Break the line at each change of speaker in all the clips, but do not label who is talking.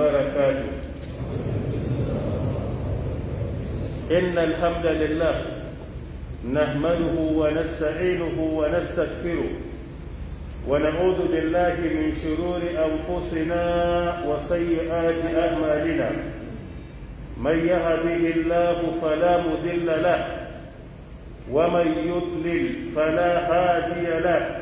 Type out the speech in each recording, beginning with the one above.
وبركاته إن الحمد لله نحمده ونستعينه ونستغفره ونعوذ بالله من شرور أنفسنا وسيئات أعمالنا من يهده الله فلا مضل له ومن يضلل فلا هادي له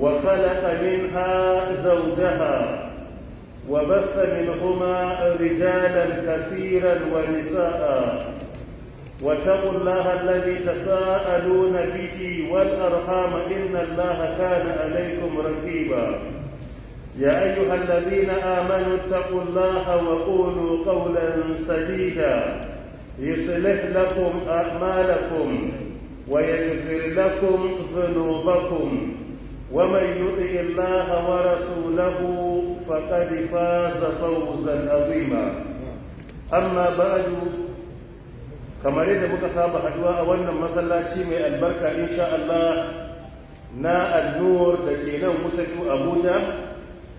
وخلق منها زوجها وبث منهما رجالا كثيرا ونساء واتقوا الله الذي تساءلون به والارحام ان الله كان عليكم رقيبا يا ايها الذين امنوا اتقوا الله وقولوا قولا سديدا يصلح لكم اعمالكم ويغفر لكم ذنوبكم ومن يطع الله ورسوله فقد فاز فوزا عظيما أما بعد kamar yadda muka saba addu'a a wannan masallaci mai albarka insha Allah na annur da ke nan musatu Abuja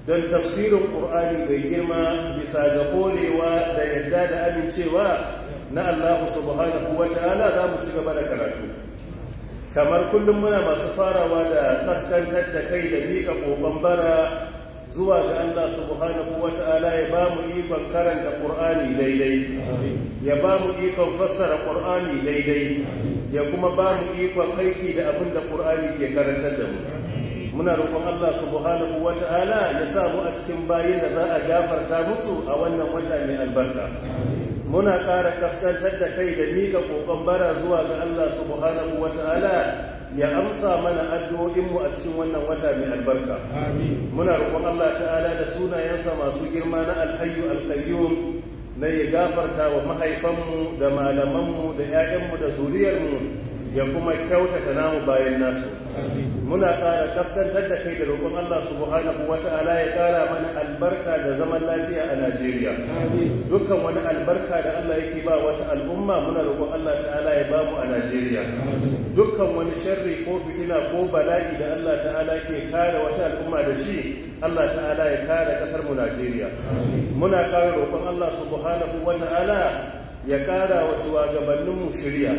don tafsirin Qur'ani mai girma bisa ga korewa da yadda da amincewa na Allah subhanahu wa ta'ala za mu ci gaba da karatu kamar kullum muna masu farawa da kaskantar da kai da miƙa ƙoƙon bara zuwa ga Allah subhanahu wa ta'ala ya ba mu ikon karanta ƙur'ani daidai ya ba mu ikon fassara ƙur'ani daidai ya kuma ba mu ikon aiki da abin da ke karantar da mu muna roƙon Allah subhanahu wa ta'ala ya sa mu a cikin bayin da za a gafarta musu a wannan wata mai albarka muna ƙara kaskantar da kai da miƙa ƙoƙon bara zuwa ga Allah subhanahu wa ta'ala ya amsa mana addu'o'inmu a cikin wannan wata mai albarka. Muna roƙon Allah ta'ala da sunayensa masu girma na alhayyu alkayyum na ya gafarta wa mahaifanmu da malamanmu da ‘ya'yanmu da zuriyarmu ya kuma kyautata namu bayan nasu muna ƙara kaskantar da kai da roƙon Allah subhanahu wa ya ƙara mana albarka da zaman lafiya a Najeriya dukkan wani albarka da Allah yake ba wata al'umma muna roƙon Allah ta'ala ya ba mu a Najeriya dukkan wani sharri ko fitina ko bala'i da Allah ta'ala ke kare wata al'umma da shi Allah ta'ala ya kare ƙasar mu Najeriya muna ƙara roƙon Allah subhanahu wa ya kara wa shugabanninmu shirya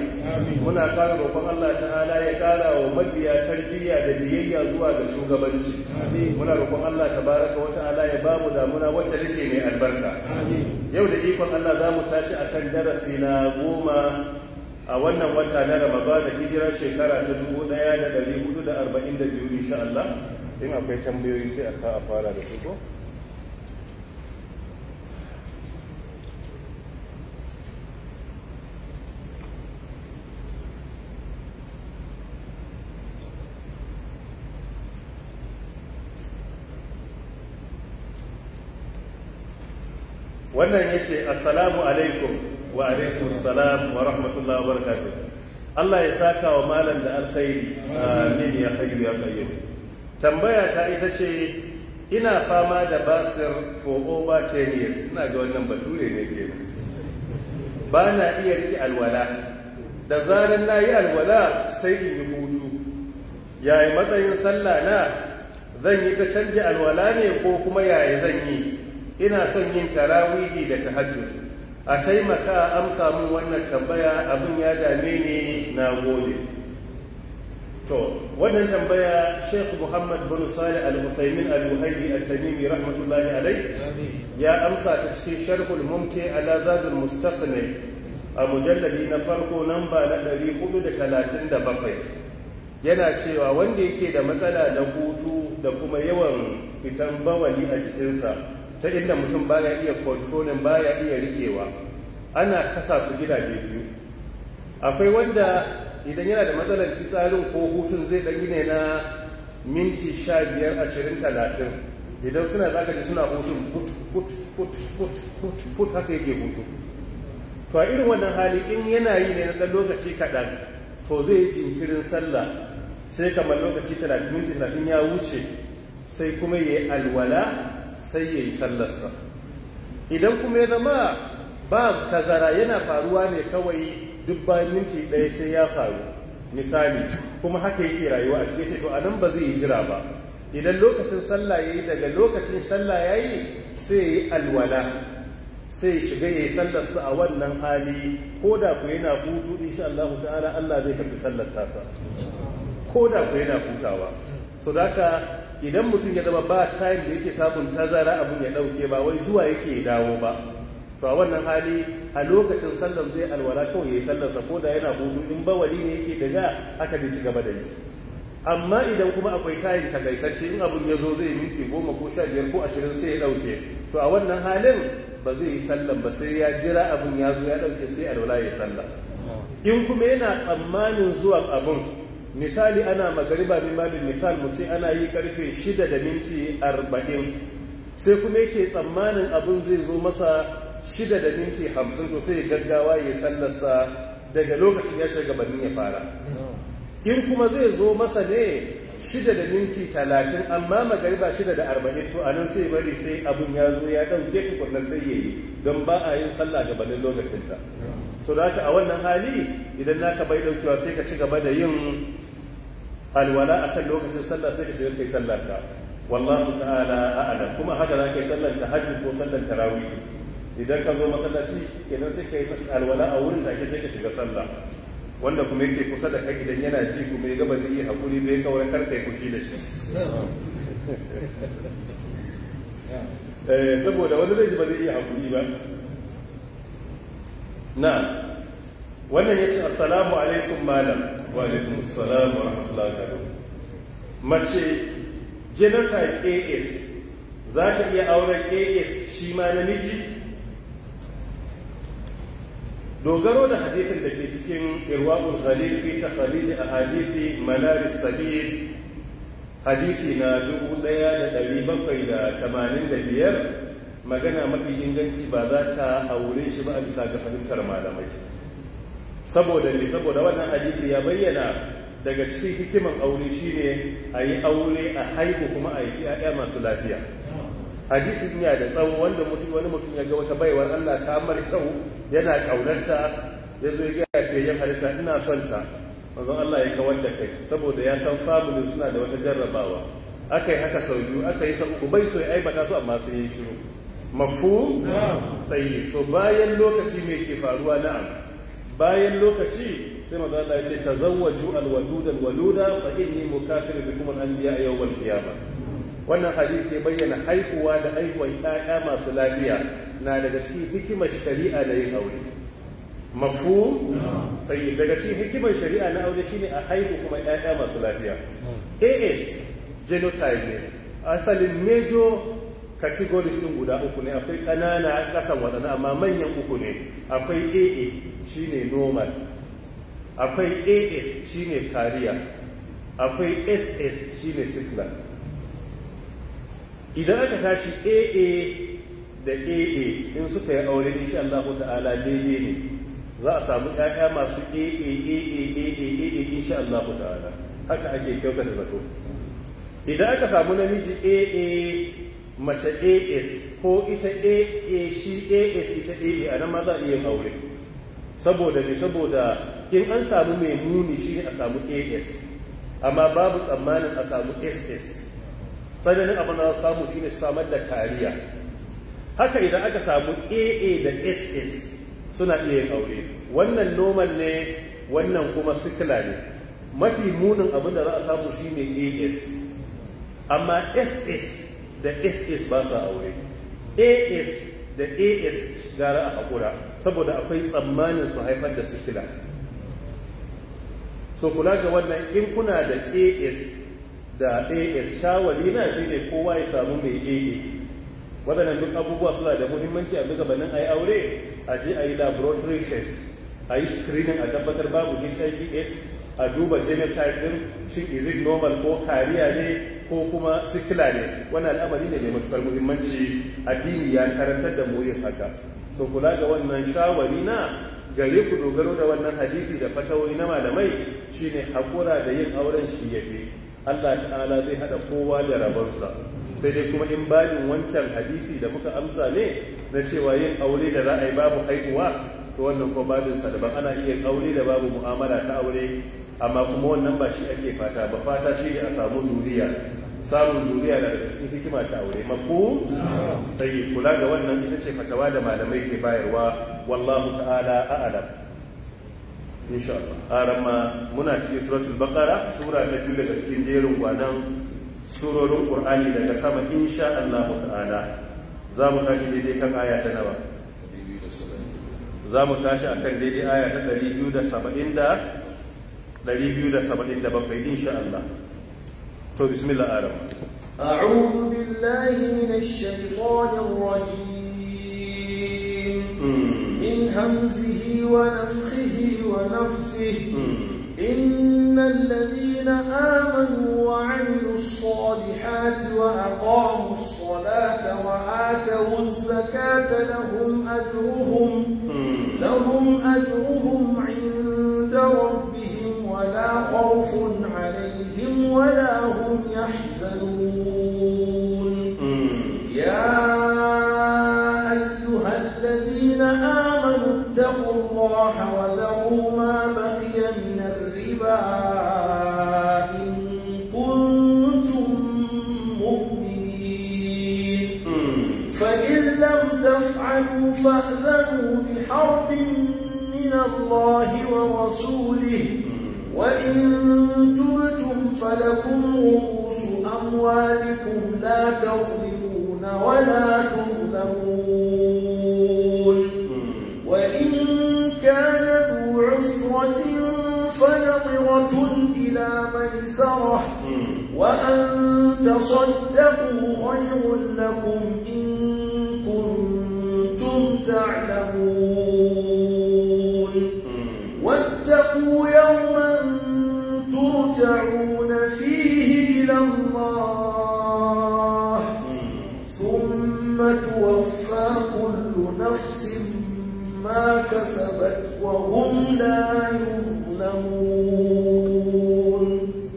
muna kara roƙon Allah ta'ala ya ƙara wa mabiya tarbiyya da biyayya zuwa ga shugabanci muna roƙon Allah tabaraka wa ta'ala ya ba mu damuna wacce rike mai albarka yau da ikon Allah za mu tashi a kan darasi na goma a wannan wata na Ramadan da hijirar shekara ta dubu ɗaya da ɗari hudu da arba'in da biyu insha Allah in akwai tambayoyi sai a fara da su ko wannan ya ce assalamu alaikum wa alaikum salam wa rahmatullahi wa barakatuh Allah ya saka wa malam da alkhairi amin ya hayyu ya qayyum tambaya ta ita ce ina fama da basir for over 10 years ina ga wannan bature ne ke ba na iya riƙe alwala da zarar na yi alwala sai in yi hutu Yaya matsayin sallah na zan yi ta canje alwala ne ko kuma yaya zan yi ina son yin tarawihi da tahajjud a taimaka a amsa min wannan tambaya abin ya dame ni na gobe. to wannan tambaya sheikh muhammad bin salih al-husaymin al-muhaydi al tamimi rahmatullahi alai ya amsa ta cikin sharhul mumti ala zadul mustaqni a mujalladi na farko namba na 437 yana cewa wanda yake da matsala da hutu da kuma yawan fitan bawali a jikinsa ta inda mutum baya iya controlling baya iya rikewa ana kasa su gidaje biyu akwai wanda idan yana da matsalar fitsarin ko hutun zai ɗan ne na minti sha biyar ashirin talatin idan suna zakaci suna hutun put put put put put haka yake hutu to a irin wannan hali in yana yi ne na ɗan lokaci kaɗan to zai yi jinkirin sallah sai kamar lokaci talatin minti talatin ya wuce sai kuma ya yi alwala sai ya yi sallarsa idan kuma ya zama ba tazara yana faruwa ne kawai duk bayan minti ɗaya sai ya faru misali kuma haka yake rayuwa a cikin ce to a nan ba zai yi jira ba idan lokacin sallah ya yi daga lokacin sallah ya yi sai ya yi alwala sai shiga ya yi sallarsa a wannan hali ko da ku yana hutu insha Allah ta'ala Allah zai tafi sallar tasa ko da ku yana hutawa so da idan mutum ya zama ba time da yake samun tazara abin ya ɗauke ba wai zuwa yake dawo ba to a wannan hali a lokacin sallar zai alwara kawai ya yi sallarsa ko da yana hutu in bawali ne yake daga haka da ci gaba da shi amma idan kuma akwai tayin takaitacce in abun ya zo zai minti goma ko sha biyar ko ashirin sai ya ɗauke to a wannan halin ba zai yi sallan ba sai ya jira abin ya zo ya ɗauke sai alwala ya salla. Oh. in kuma yana tsammanin zuwa abun misali ana magariba min malin misal mu ce ana yi karfe 6 da minti 40 sai kuma yake tsammanin abin zai zo masa 6 da minti 50 to sai gaggawa ya sallarsa daga lokacin ya shiga gabanin ya fara in kuma zai zo masa ne 6 da minti 30 amma magariba 6 da 40 to anan sai bari sai abun ya zo ya ɗauke tukunna sai ya yi don ba a yin sallah gabanin lokacinta to da haka a wannan hali idan naka bai daukewa sai ka ci gaba da yin alwala kan lokacin sallah sai ka shiga kai sallar ka wallahu ta'ala a'lam kuma haka za ka yi sallar ta hajji ko sallar ta idan ka zo masallaci kenan sai ka yi alwala a wurin da ake sai ka shiga sallah wanda kuma yake kusa da kai idan yana ji kuma ya gaba zai yi hakuri bai kawai kar kai kushi da shi eh, saboda wani zai ji ba zai iya hakuri ba na'am wannan ya ce assalamu alaikum malam wa alaikum assalam wa rahmatullahi wa mace genotype as za ta iya auren as shi ma namiji dogaro da hadisin da ke cikin irwaqul ta khalifi a ahadisi manaris sabir hadisi na dubu da da da bakwai tamanin biyar magana mafi inganci ba za ta aure shi ba a bisa ga fahimtar malamai saboda ne saboda wannan hadisi ya bayyana daga cikin hikiman aure shine a yi aure a haihu kuma a yi ya'ya masu lafiya hadisi ya da tsawo wanda mutum wani mutum ya ga wata baiwar Allah ta mar kyau yana kaunarta ya zo ya ga yin halitta ina son ta manzon Allah ya kawar da kai saboda ya san family suna da wata jarrabawa aka yi haka sau biyu aka yi sau uku bai so ya aibata su amma sai ya shiru mafu tsaye, so bayan lokaci mai ke faruwa na'am bayan lokaci sai maza Allah ya ce tazawwaju alwaduda alwaluda fa inni an biya a anbiya yawmal qiyamah wannan hadisi ya bayyana haihuwa da haihuwar ƴaƴa masu lafiya na daga cikin hikimar shari'a na yin aure mafu daga cikin hikimar shari'a na aure shine a haihu kuma yaya masu lafiya hmm. AS genotype ne asalin major categories ɗin guda uku ne akwai ƙanana ƙasan waɗannan amma manyan uku ne akwai aa shine normal akwai as shine kariya akwai ss shine signal idan aka tashi aa da AA in suka yi aure insha Allah ta'ala daidai ne za a samu ƴaƴa masu AA AA AA AA insha Allah ta'ala haka ake kyautata zato idan aka samu namiji AA mace as ko ita aa shi as ita aa a nan ma za a iya aure saboda ne saboda in an samu mai muni shi ne a samu as amma babu tsammanin a samu ss tsananin abin da za samu shi ne samar da kariya haka idan aka samu aa da ss suna iya yin aure wannan noman ne wannan kuma sikila ne mafi munin abin da za a samu shi ne as amma ss da ss ba sa aure as da as gara a haƙura saboda akwai tsammanin su haifar da sikila so kula ga wannan in kuna da as da as shawari na shi ne kowa ya samu mai A. waɗannan duk abubuwa suna da muhimmanci a duka banin a yi aure a je a yi laboratory test a yi screening a tabbatar babu hiv aids a duba genotype din shin is it normal ko kariya ne ko kuma sikila ne wani al'amari ne mai matukar muhimmanci addini ya karantar da mu yin haka so kula ga wannan shawari na gare ku dogaro da wannan hadisi da fatawoyi na malamai shine hakura da yin auren shi yafi Allah ta'ala zai hada kowa da rabonsa sai dai kuma in babin wancan hadisi da muka amsa ne na cewa yin aure da za a yi babu haihuwa to wannan ko babin sa daban ana iya aure da babu mu'amala ta aure amma kuma wannan ba shi ake fata ba fata shi ne a samu zuriya samun zuriya na daga cikin hikima ta aure mafu sai kula ga wannan ita ce fatawa da malamai ke bayarwa wallahu ta'ala a'lam insha Allah arama muna cikin suratul baqara sura ta biyu daga cikin jerin gwanan surorin qur'ani daga sama insha Allah ta'ala za mu tashi daidai kan aya ta nawa za mu tashi akan daidai aya ta 270 da شاء الله Allah بسم الله أعلم أعوذ
بالله من الشيطان الرجيم من همزه ونفخه ونفسه إن الذين آمنوا وعملوا الصالحات وأقاموا الصلاة وآتوا الزكاة لهم أجرهم لهم أجرهم عند ولا هم يحزنون يا أيها الذين آمنوا اتقوا الله وذروا ما بقي من الربا إن كنتم مؤمنين فإن لم تفعلوا فأذنوا بحرب من الله ورسوله وإن تبتم فلكم رؤوس أموالكم لا تظلمون ولا تظلمون وإن كان ذو عسرة فنظرة إلى ميسرة وأن تصدقوا خير لكم نفس ما كسبت وهم لا يظلمون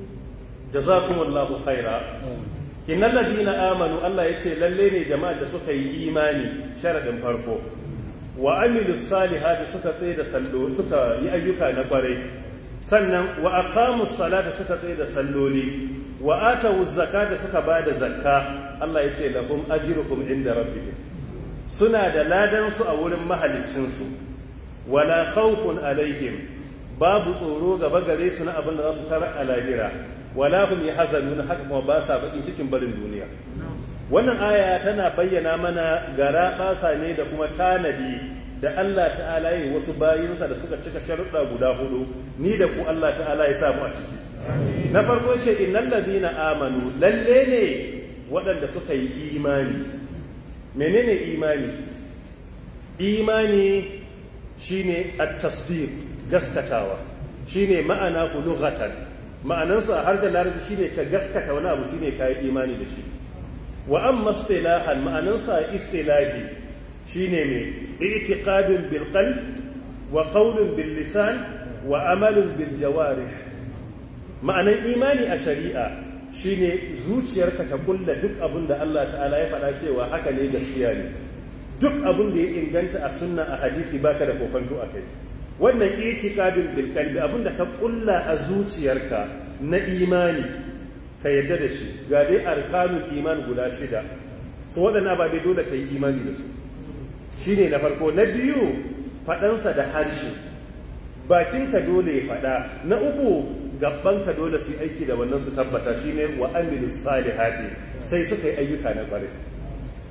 جزاكم الله خيرا إن الذين آمنوا الله يتشي للين جماعة سكي إيماني شرد فرقو وعملوا الصالحات سكتي سلو سكا أيوكا نقري sannan wa aqamu salata suka tsaye da salloli wa atu zakata suka bada zakka Allah yace lahum ajrukum inda rabbihim suna da ladansu a wurin su wala khawfun alaihim babu tsoro gaba gare su na abin da za su tara a lahira wala hum yahzanun haka kuma ba sa bakin cikin barin duniya wannan aya tana bayyana mana gara basa ne da kuma tanadi da Allah ta'ala yi wasu bayinsa da suka cika sharuɗa guda hudu ni da ku Allah ta'ala ya samu a ciki na farko ce innal ladina amanu lalle ne waɗanda suka yi imani menene imani imani shine at-tasdiq gaskatawa shine ma'ana ku lughatan ma'anansa a harshen larabci shine ka gaskata wani abu shine kai imani da shi wa amma istilahan ma'anansa istilahi shine me i'tiqadun bil qalb wa qawlun bil lisan wa amalun bil jawarih ma'anan imani a shari'a shine zuciyarka ta kulla duk abin da Allah ta'ala ya faɗa cewa haka ne gaskiya ne duk abin da ya inganta a sunna a hadisi baka da kokonto a kai wannan itikadin bil qalbi abin da ka kulla a zuciyarka na imani ka yadda da shi ga dai arkanul iman guda shida so waɗannan ba dai dole ka yi imani da su shine na farko na biyu faɗansa da harshe bakinka dole ya faɗa na uku Gabban ka dole su aiki da wannan su tabbata shine wa amilu salihati sai suka yi ayyuka na ƙwarai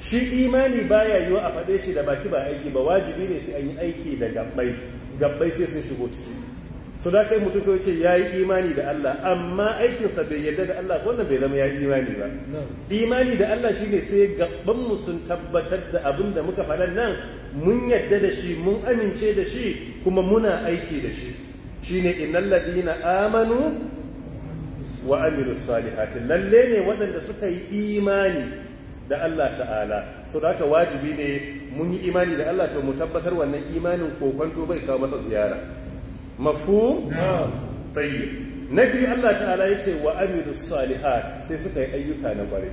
shi imani baya yiwa a faɗe shi da baki ba aiki ba wajibi ne sai an yi aiki da gabbai gabbai sai sun shigo ciki so da kai mutum kawai ce ya yi imani da Allah amma aikinsa bai yarda da Allah wannan bai zama ya yi imani ba imani da Allah shine sai gabanmu sun tabbatar da abin da muka faɗa nan mun yarda da shi mun amince da shi kuma muna aiki da shi shine innal na amanu wa amilu salihati lalle ne waɗanda suka yi imani da Allah ta'ala so da haka wajibi ne mun yi imani da Allah to mu tabbatar wannan imanin kokonto bai kawo masa ziyara Mafu, tayyib na biyu Allah ta'ala ya ce wa amilu salihat sai suka yi ayyuka na ƙware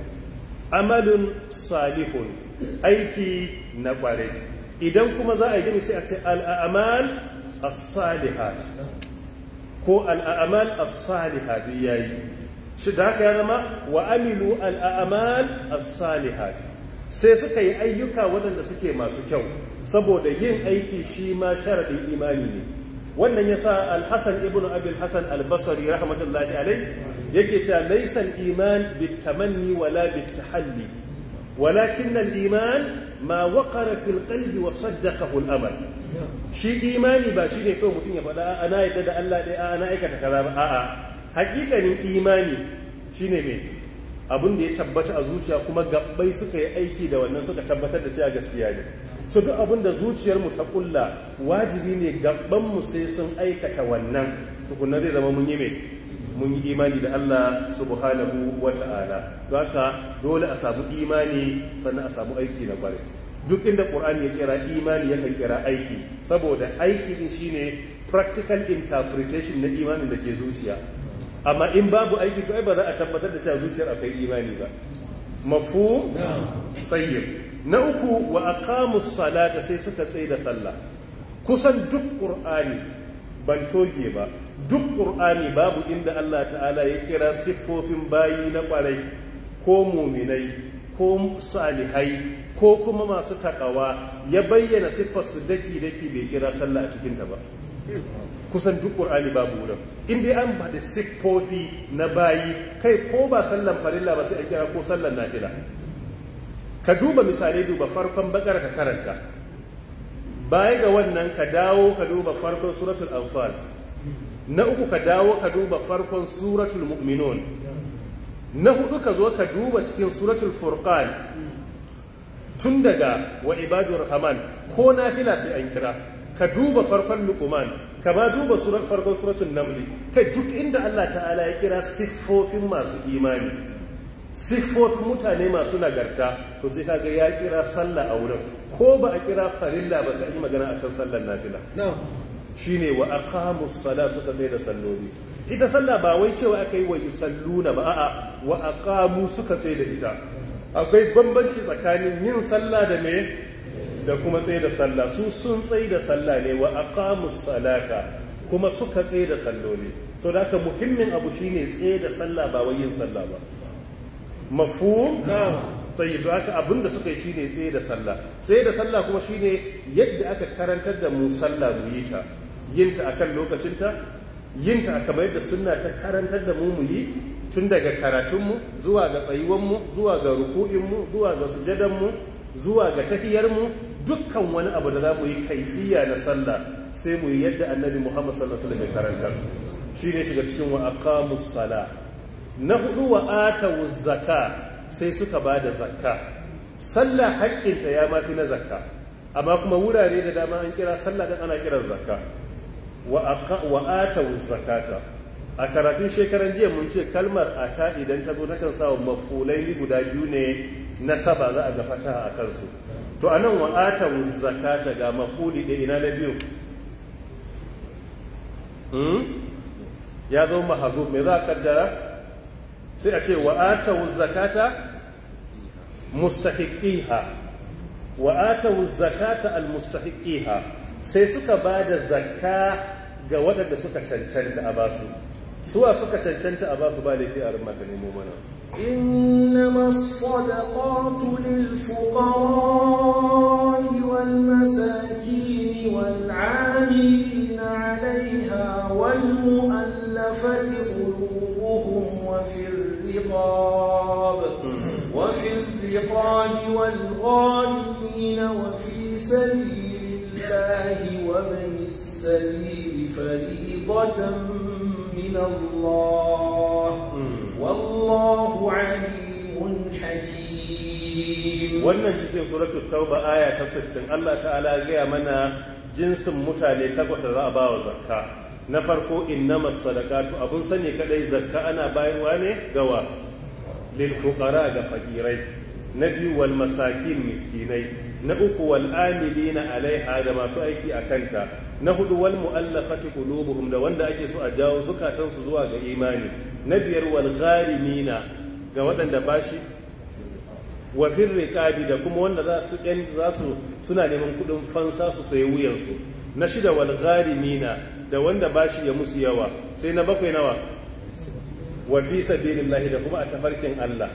amalun salihun aiki na ƙware idan kuma za a yi gini sai a ce al'amal as-salihat ko al'amal a saliha duk yayi shi da haka ya zama wa amilu al'amal as-salihat sai suka yi ayyuka waɗanda suke masu kyau saboda yin aiki shi ma sharaɗin imani ne wannan yasa sa Alhassan ibn abi al-hasan rahmatullahi alai yake cewa laisan iman bitamanni wala bitahalli walakin al-iman ma waqara fil qalbi wa saddaqahu al-amal shi imani ba shi ne kawai mutum ya faɗa ana yadda da Allah ɗaya a ana aikata kaza ba a'a hakikanin imani shine mai abin da ya tabbata a zuciya kuma gabbai suka yi aiki da wannan suka tabbatar da cewa gaskiya ne su duk abin da zuciyar mu ta kulla wajibi ne gabban mu sai sun aikata wannan tukunna zai zama mun yi mai mun yi imani da Allah subhanahu wa ta'ala don haka dole a samu imani sannan a samu aiki na kwarai duk inda qur'ani ya kira imani yakan kira aiki saboda aiki din shine practical interpretation na imanin da ke zuciya amma in babu aiki to ai ba za a tabbatar da cewa zuciyar akwai imani ba mafu tayyib na uku wa kamun salata sai suka tsaye da sallah kusan duk qur'ani ban toge ba duk qur'ani babu inda Allah ta'ala ya kira siffofin bayi na kwarai ko muminai ko salihai ko kuma masu takawa ya bayyana siffar su daki daki bai kira sallah a cikinta ba kusan duk qur'ani babu wurin in dai an bada siffofi na bayi kai ko ba sallan farilla ba sai an kira ko sallan nafila ka duba misalai duba farkon bakar ka karanta baya ga wannan ka dawo ka duba farkon suratul anfal na uku ka dawo ka duba farkon suratul mu'minun na hudu ka zo ka duba cikin suratul furqan tun daga wa ibadur rahman ko nafila sai an kira ka duba farkon luqman ka ba duba surar farkon suratul naml ka duk inda Allah ta'ala ya kira siffofin masu imani siffofin mutane masu nagarta to sai kaga ya kira sallah a wurin ko ba a kira farilla ba sai yi magana akan sallar nafila shine wa aqamus salata suka da salloli ita sallah ba wai cewa aka yi wa yusalluna ba a'a wa aqamu suka tsaye da ita akwai bambanci tsakanin yin sallah da me da kuma tsaye da sallah su sun tsaye da sallah ne wa aqamu salata kuma suka tsaye da salloli so da haka muhimmin abu shine tsaye da sallah ba wai yin sallah ba mafhum na'am tayyib don haka abin da suka yi shine tsaye da sallah tsaye da sallah kuma shine yadda aka karantar da mu sallah mu yi ta yin ta akan lokacinta yin ta kamar yadda sunna ta karantar da mu muyi tun daga karatunmu zuwa ga tsayuwanmu zuwa ga ruku'inmu zuwa ga sujadanmu zuwa ga tafiyarmu, dukkan wani abu da za mu yi kaifiya na sallah sai mu yi yadda annabi muhammad sallallahu alaihi wasallam ya karantar shi ne shiga cikin wa aqamus sala na hudu wa atawuz zakka sai suka ba da zakka sallah haƙƙinta ya mafi na zakka amma kuma wurare da dama an kira sallah dan ana kiran zakka wa atawu zakata a karatun shekaran jiya mun ce kalmar ata idan ta zo takan sa maf'ulai guda biyu ne na saba za a ga fata a kansu to anan wa atawu zakata ga maf'uli da ina na biyu hmm? ya zo mahazub me za a kaddara sai a ce wa atawu zakata mustahiqiha wa atawu zakata al mustahiqiha sai suka ba da zakka ga waɗanda suka cancanta a basu suwa suka cancanta a basu ba laifi a rumma ka nemo mana
إنما الصدقات للفقراء والمساكين والعاملين عليها والمؤلفة قلوبهم وفي الرقاب وفي الرقاب والغالبين وفي سبيل الله وابن السبيل فريضة من الله والله عليم
حكيم
wannan cikin suratul tauba aya ta 60 Allah ta'ala gaya mana jinsin mutane takwas da za a bawa zakka na farko innamas sadaqatu abun sani kadai zakka ana bayarwa ne gawa lil fuqara ga fakirai na biyu wal masakin miskinai na uku wal amilina alaiha da masu aiki a kanta na hudu wal mu'allafati qulubuhum da wanda ake so a jawo zukatansu zuwa ga imani na biyar wal gharimina ga waɗanda bashi wa fil riqabi da kuma wanda za su za su suna neman kudin fansa su sayi wuyansu na shida wal gharimina da wanda bashi ya musu yawa sai na bakwai nawa wa fi sabilillahi da kuma a tafarkin Allah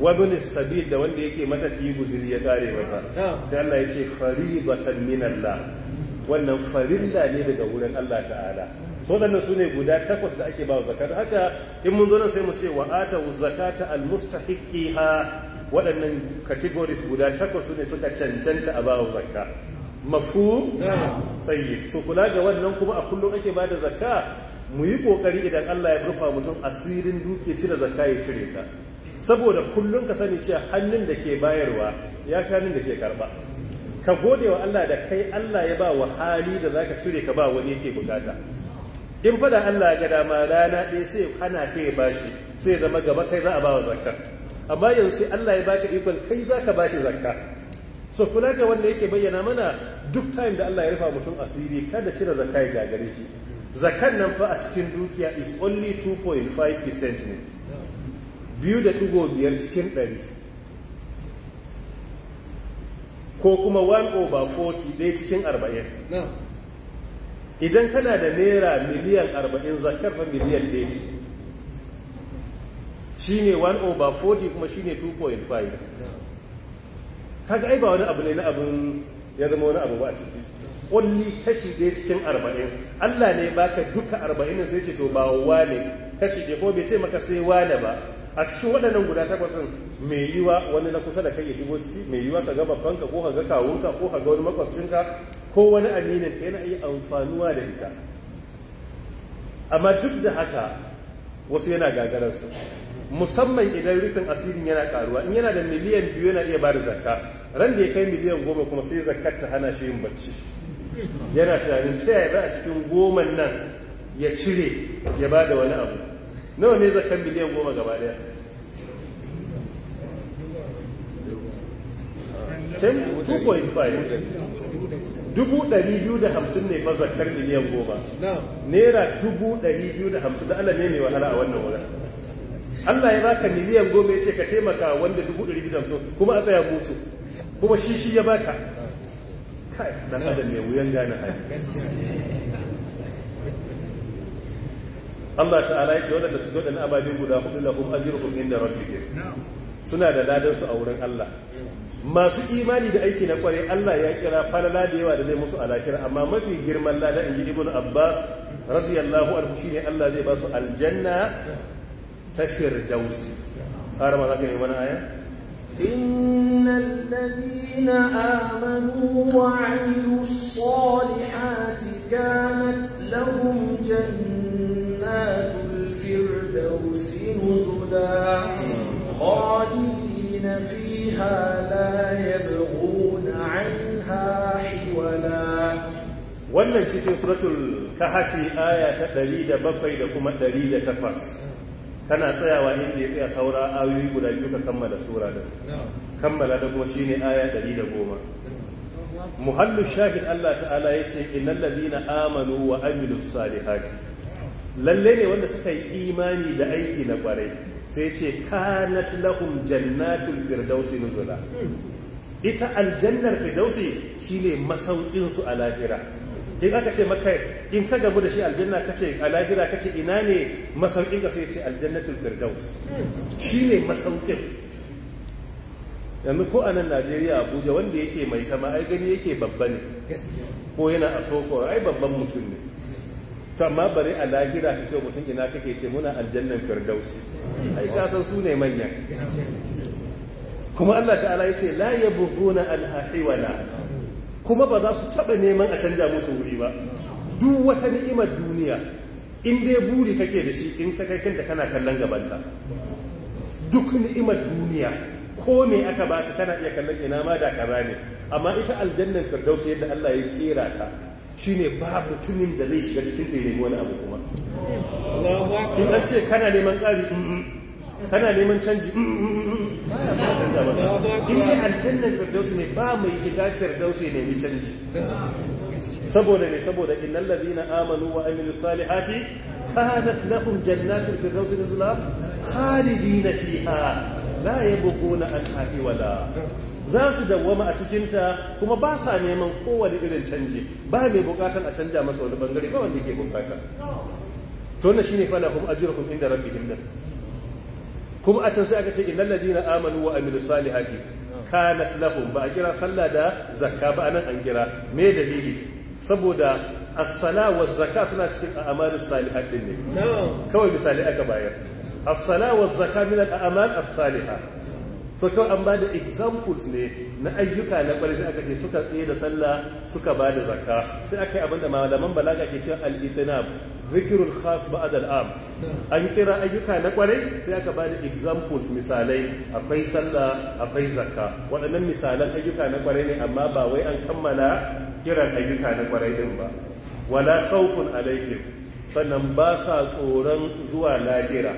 wabin sabil da wanda yake matafi guziri ya kare masa sai Allah ya ce ba min Allah wannan farilla ne daga wurin Allah ta'ala so dannan su ne guda takwas da ake bawa zakat haka in mun zo nan sai mu ce wa atawu zakata al mustahiqiha waɗannan categories guda takwas su ne suka cancanta a bawa zakka mafu tayyib so kula ga wannan kuma a kullum ake bada zakka mu yi kokari idan Allah ya rufa mutum asirin duke cire zakka ya cire ka. saboda kullum ka sani cewa hannun da ke bayarwa ya fi hannun da ke karba ka gode wa Allah da kai Allah ya ba wa hali da zaka cire ka ba wani yake bukata in fada Allah ga dama rana ɗaya sai hana ka ya bashi sai zama gaba kai za a ba wa zakka amma yanzu sai Allah ya baka ikon kai za zaka shi zakka so kula ga wanda yake bayyana mana duk time da Allah ya rufa mutum asiri kada cire zakka ya gagare shi zakkan nan fa a cikin dukiya is only 2.5% ne biyu da ɗigo biyar cikin ɗari ko kuma 1 over 40 ɗaya cikin 40 idan kana da naira miliyan 40 zakar fa miliyan ɗaya ce shi ne 1 over 40 kuma shi ne 2.5 kaga ai ba wani abu ne na abin ya zama wani abu ba a ciki ƙulli kashi ɗaya cikin 40 allah ne baka duka 40 sai ce to ba wane kashi ɗaya ko bai ce maka sai wane ba a cikin waɗannan guda takwas ɗin mai yiwa wani na kusa da kai ya shigo ciki mai yiwa ka ga babbanka ko ka ga kawunka ko ka ga wani makwabcinka ko wani aminin ka yana iya amfanuwa da ita amma duk da haka wasu yana gagararsu musamman idan rufin asirin yana karuwa in yana da miliyan biyu yana iya bada zakka ran da ya kai miliyan goma kuma sai zakkar ta hana shi yin bacci yana tunanin ta yaya a cikin goman nan ya cire ya bada wani abu nawa ne zakan miliyan goma gaba daya 2.5 dubu ɗari biyu da hamsin ne fa zakar miliyan goma naira dubu ɗari biyu da hamsin da Allah ne mai wahala a wannan wurin Allah ya baka miliyan goma ya ce ka taimaka wanda dubu ɗari biyu da hamsin kuma a tsaya musu kuma shi shi ya baka kai dan adam mai wuyan gane hali Allah ta'ala ya ce waɗanda suke waɗannan ababe guda hudu kuma ajruhum inda rabbihim suna da ladansu su a wurin Allah masu imani da aiki na kwarai Allah ya kira falala da yawa da zai musu alakira amma mafi girman lada in ji ibnu abbas radiyallahu anhu shine Allah zai ba su aljanna ta firdausi har ma za ka yi wani aya
إن الذين آمنوا وعملوا الصالحات كانت لهم جنات الهدى خالدين فيها لا يبغون عنها
حولا wannan cikin suratul kahfi aya ta 107 da kuma 108 tana tsayawa inda ya tsaya saura ayoyi guda biyu ka kammala sura da kammala da kuma shine aya 110 muhallu shahid Allah ta'ala ya ce innal ladina amanu wa amilus salihati lalle ne wanda suka yi imani da aiki na kwarai sai ce kanat lahum jannatul firdausi nuzula ita aljannar firdausi shine masaukin su a lahira in aka ce maka in ka gabu da shi aljanna kace a lahira ka ina ne masaukin ka sai ce aljannatul firdaus shine masaukin yanzu ko a nan Najeriya Abuja wanda yake mai tama ai gani yake babba ne ko yana a soko ai babban mutum ne ta ma bari a lahira ka ce mutum ina kake ce muna aljannan firdausi ai ka san su ne manyan kuma Allah ta'ala ya ce la yabghuna al-hiwala kuma ba za su taba neman a canja musu wuri ba duk wata ni'imar duniya in dai buri kake da shi in ka kai kana kallon gabanta duk ni'imar duniya ko me aka baka kana iya kallon ina ma da kaza ne amma ita aljannan firdausi yadda Allah ya kera ta Shi ne ba mutumin da zai shiga cikin ta nemi wani abu kuma in an ce kana neman ƙari mm, mm. kana neman canji mm, in yi aljannar firdausu ne ba mai shiga firdausu ya nemi canji saboda ne saboda innal ladina amanu wa amilu salihati kanat lahum jannatul firdausi nuzula khalidina fiha la yabghuna anha wala za su dawwama a cikinta kuma ba sa neman kowane irin canji ba mai bukatan a canja masa wani bangare ba wanda ke bukata to na shine fa lahum ajruhum inda rabbihim din kuma a can sai aka ce innal ladina amanu wa amilus salihati na lahum ba a kira sallah da zakka ba anan an kira me dalili saboda as-sala wa zakka suna cikin a'malus salihat din ne kawai misali aka bayar as-sala wa zakka min al-a'mal as-salihah so kawai an ba da examples ne na ayyuka na ƙwarai sai aka ce suka tsaye da sallah suka ba da zakka sai aka yi abin da malaman balaga ke cewa al-itinab zikirul khas ba'd al-am an kira ayyuka na ƙwarai sai aka ba da examples misalai akwai sallah akwai zakka waɗannan misalan ayyuka na ƙwarai ne amma ba wai an kammala kiran ayyuka na ƙwarai din ba wala khawfun alaihim sannan ba sa tsoron zuwa lahira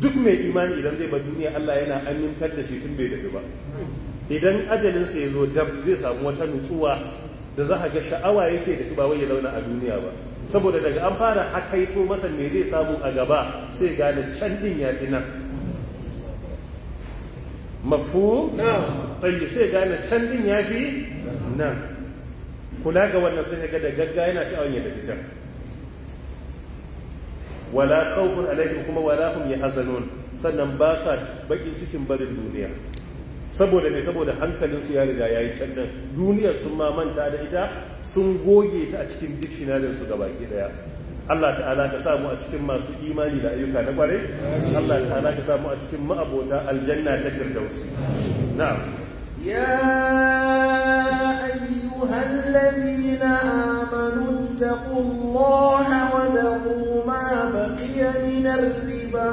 duk mai imani idan zai ba duniya Allah yana amintar da shi tun bai dafi ba idan ajalinsa ya zo dab zai samu wata nutsuwa da za a ga sha'awa yake da ba wai ya launa a duniya ba saboda daga an fara hakaito masa me zai samu a gaba sai gane can din ya nan mafu tayyib sai gane can din ya fi nan kula ga wannan sai ga da gagga yana sha'awar ya tafi can wala khawfun alaihim kuma wala hum yahzanun sannan ba sa bakin cikin barin duniya saboda me saboda hankalin su ya riga yayi can nan duniyar sun ma manta da ita sun goge ta a cikin dictionary su gabaki daya Allah ta'ala ka samu a cikin masu imani da ayyuka na kware Allah ta'ala ka samu a cikin ma'abota aljanna ta firdausi na'am
ya ayyuhal ladina amanu taqullaha wa Yaninar riba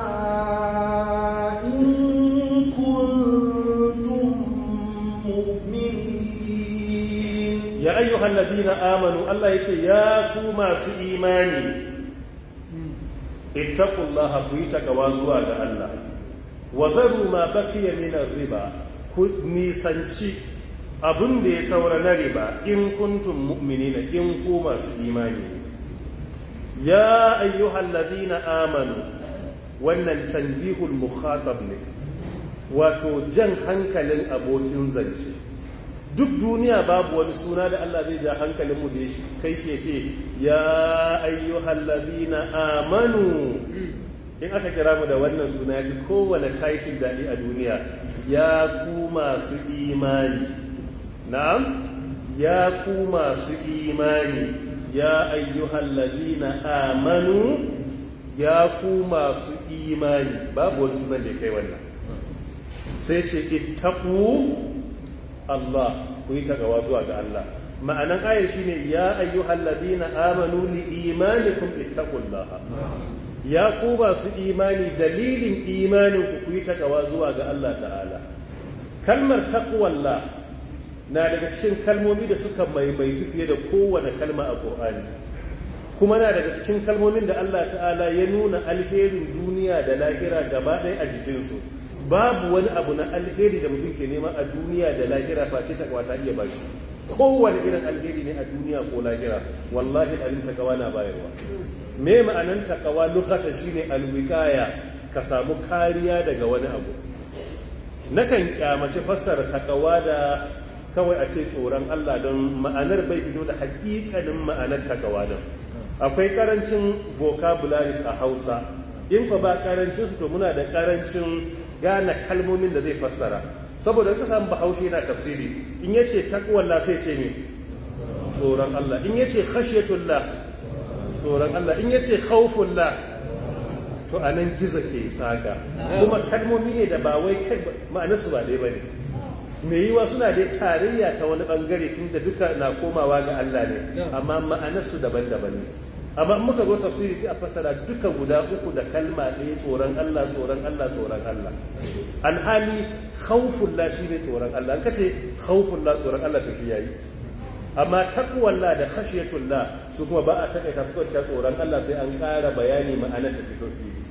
in kunnu
mu Allah ya ce ya imani. In takulma Habibu zuwa ga Allah. Wazaruma baki ya minar Abunda ya saura na riba in kun tun mu'uminina in kuma su imani. ya ayyuhal ladina amanu wannan tanbihul mukhatab ne wato jan hankalin abokin zance duk duniya babu wani suna da Allah zai ja hankalin mu da ya kai shi ya ce ya ayyuhal ladina amanu in aka kira mu da wannan suna ya kowane title daɗi a duniya ya ku masu imani na'am ya ku masu imani ya ayyuhal ladina amanu ya ku masu imani babu wani sunan da kai wannan sai ce ittaqu Allah ku yi tagawa zuwa ga Allah ma'anan ayar shine ya ayyuhal ladina amanu li imanikum ittaqullah ya ku masu imani dalilin imanin ku ku yi tagawa zuwa ga Allah ta'ala kalmar taqwallah na daga cikin kalmomi da suka maimaitu fiye da kowane kalma a ƙur'ani kuma na daga cikin kalmomin da Allah ta'ala ya nuna alherin duniya da lahira gaba ɗaya a jikinsu babu wani abu na alheri da mutum ke nema a duniya da lahira face ta kwata iya bashi kowane irin alheri ne a duniya ko lahira wallahi alin takawa na bayarwa me ma'anan takawa lokata shine alwikaya ka samu kariya daga wani abu nakan kyamace fassara takawa da kawai a ce tsoron Allah don ma'anar bai fito da hakikalin ma'anar takawa don. akwai karancin vocabularies a Hausa in ba ba karancin su to muna da karancin gane kalmomin da zai fassara saboda ka samu bahaushe yana tafsiri in ya ce takwallah sai ce ne. tsoron Allah in ya ce khashiyatullah tsoron Allah in ya ce khawfullah to a gizo ke saka kuma kalmomi ne da ba wai ma'anarsu ba ɗaya ba ne me yiwa suna da tarayya ta wani bangare tun da duka na komawa ga Allah ne amma ma'anarsu daban-daban ne amma muka zo tafsiri sai a fasara duka guda uku da kalma ɗaya tsoron Allah tsoron Allah tsoron Allah alhali la shine tsoron Allah an kace la tsoron Allah to shi yayi amma taqwallah da khashiyatullah su kuma ba a taƙaita su tsoron Allah sai an ƙara bayani ma'anar da fito fili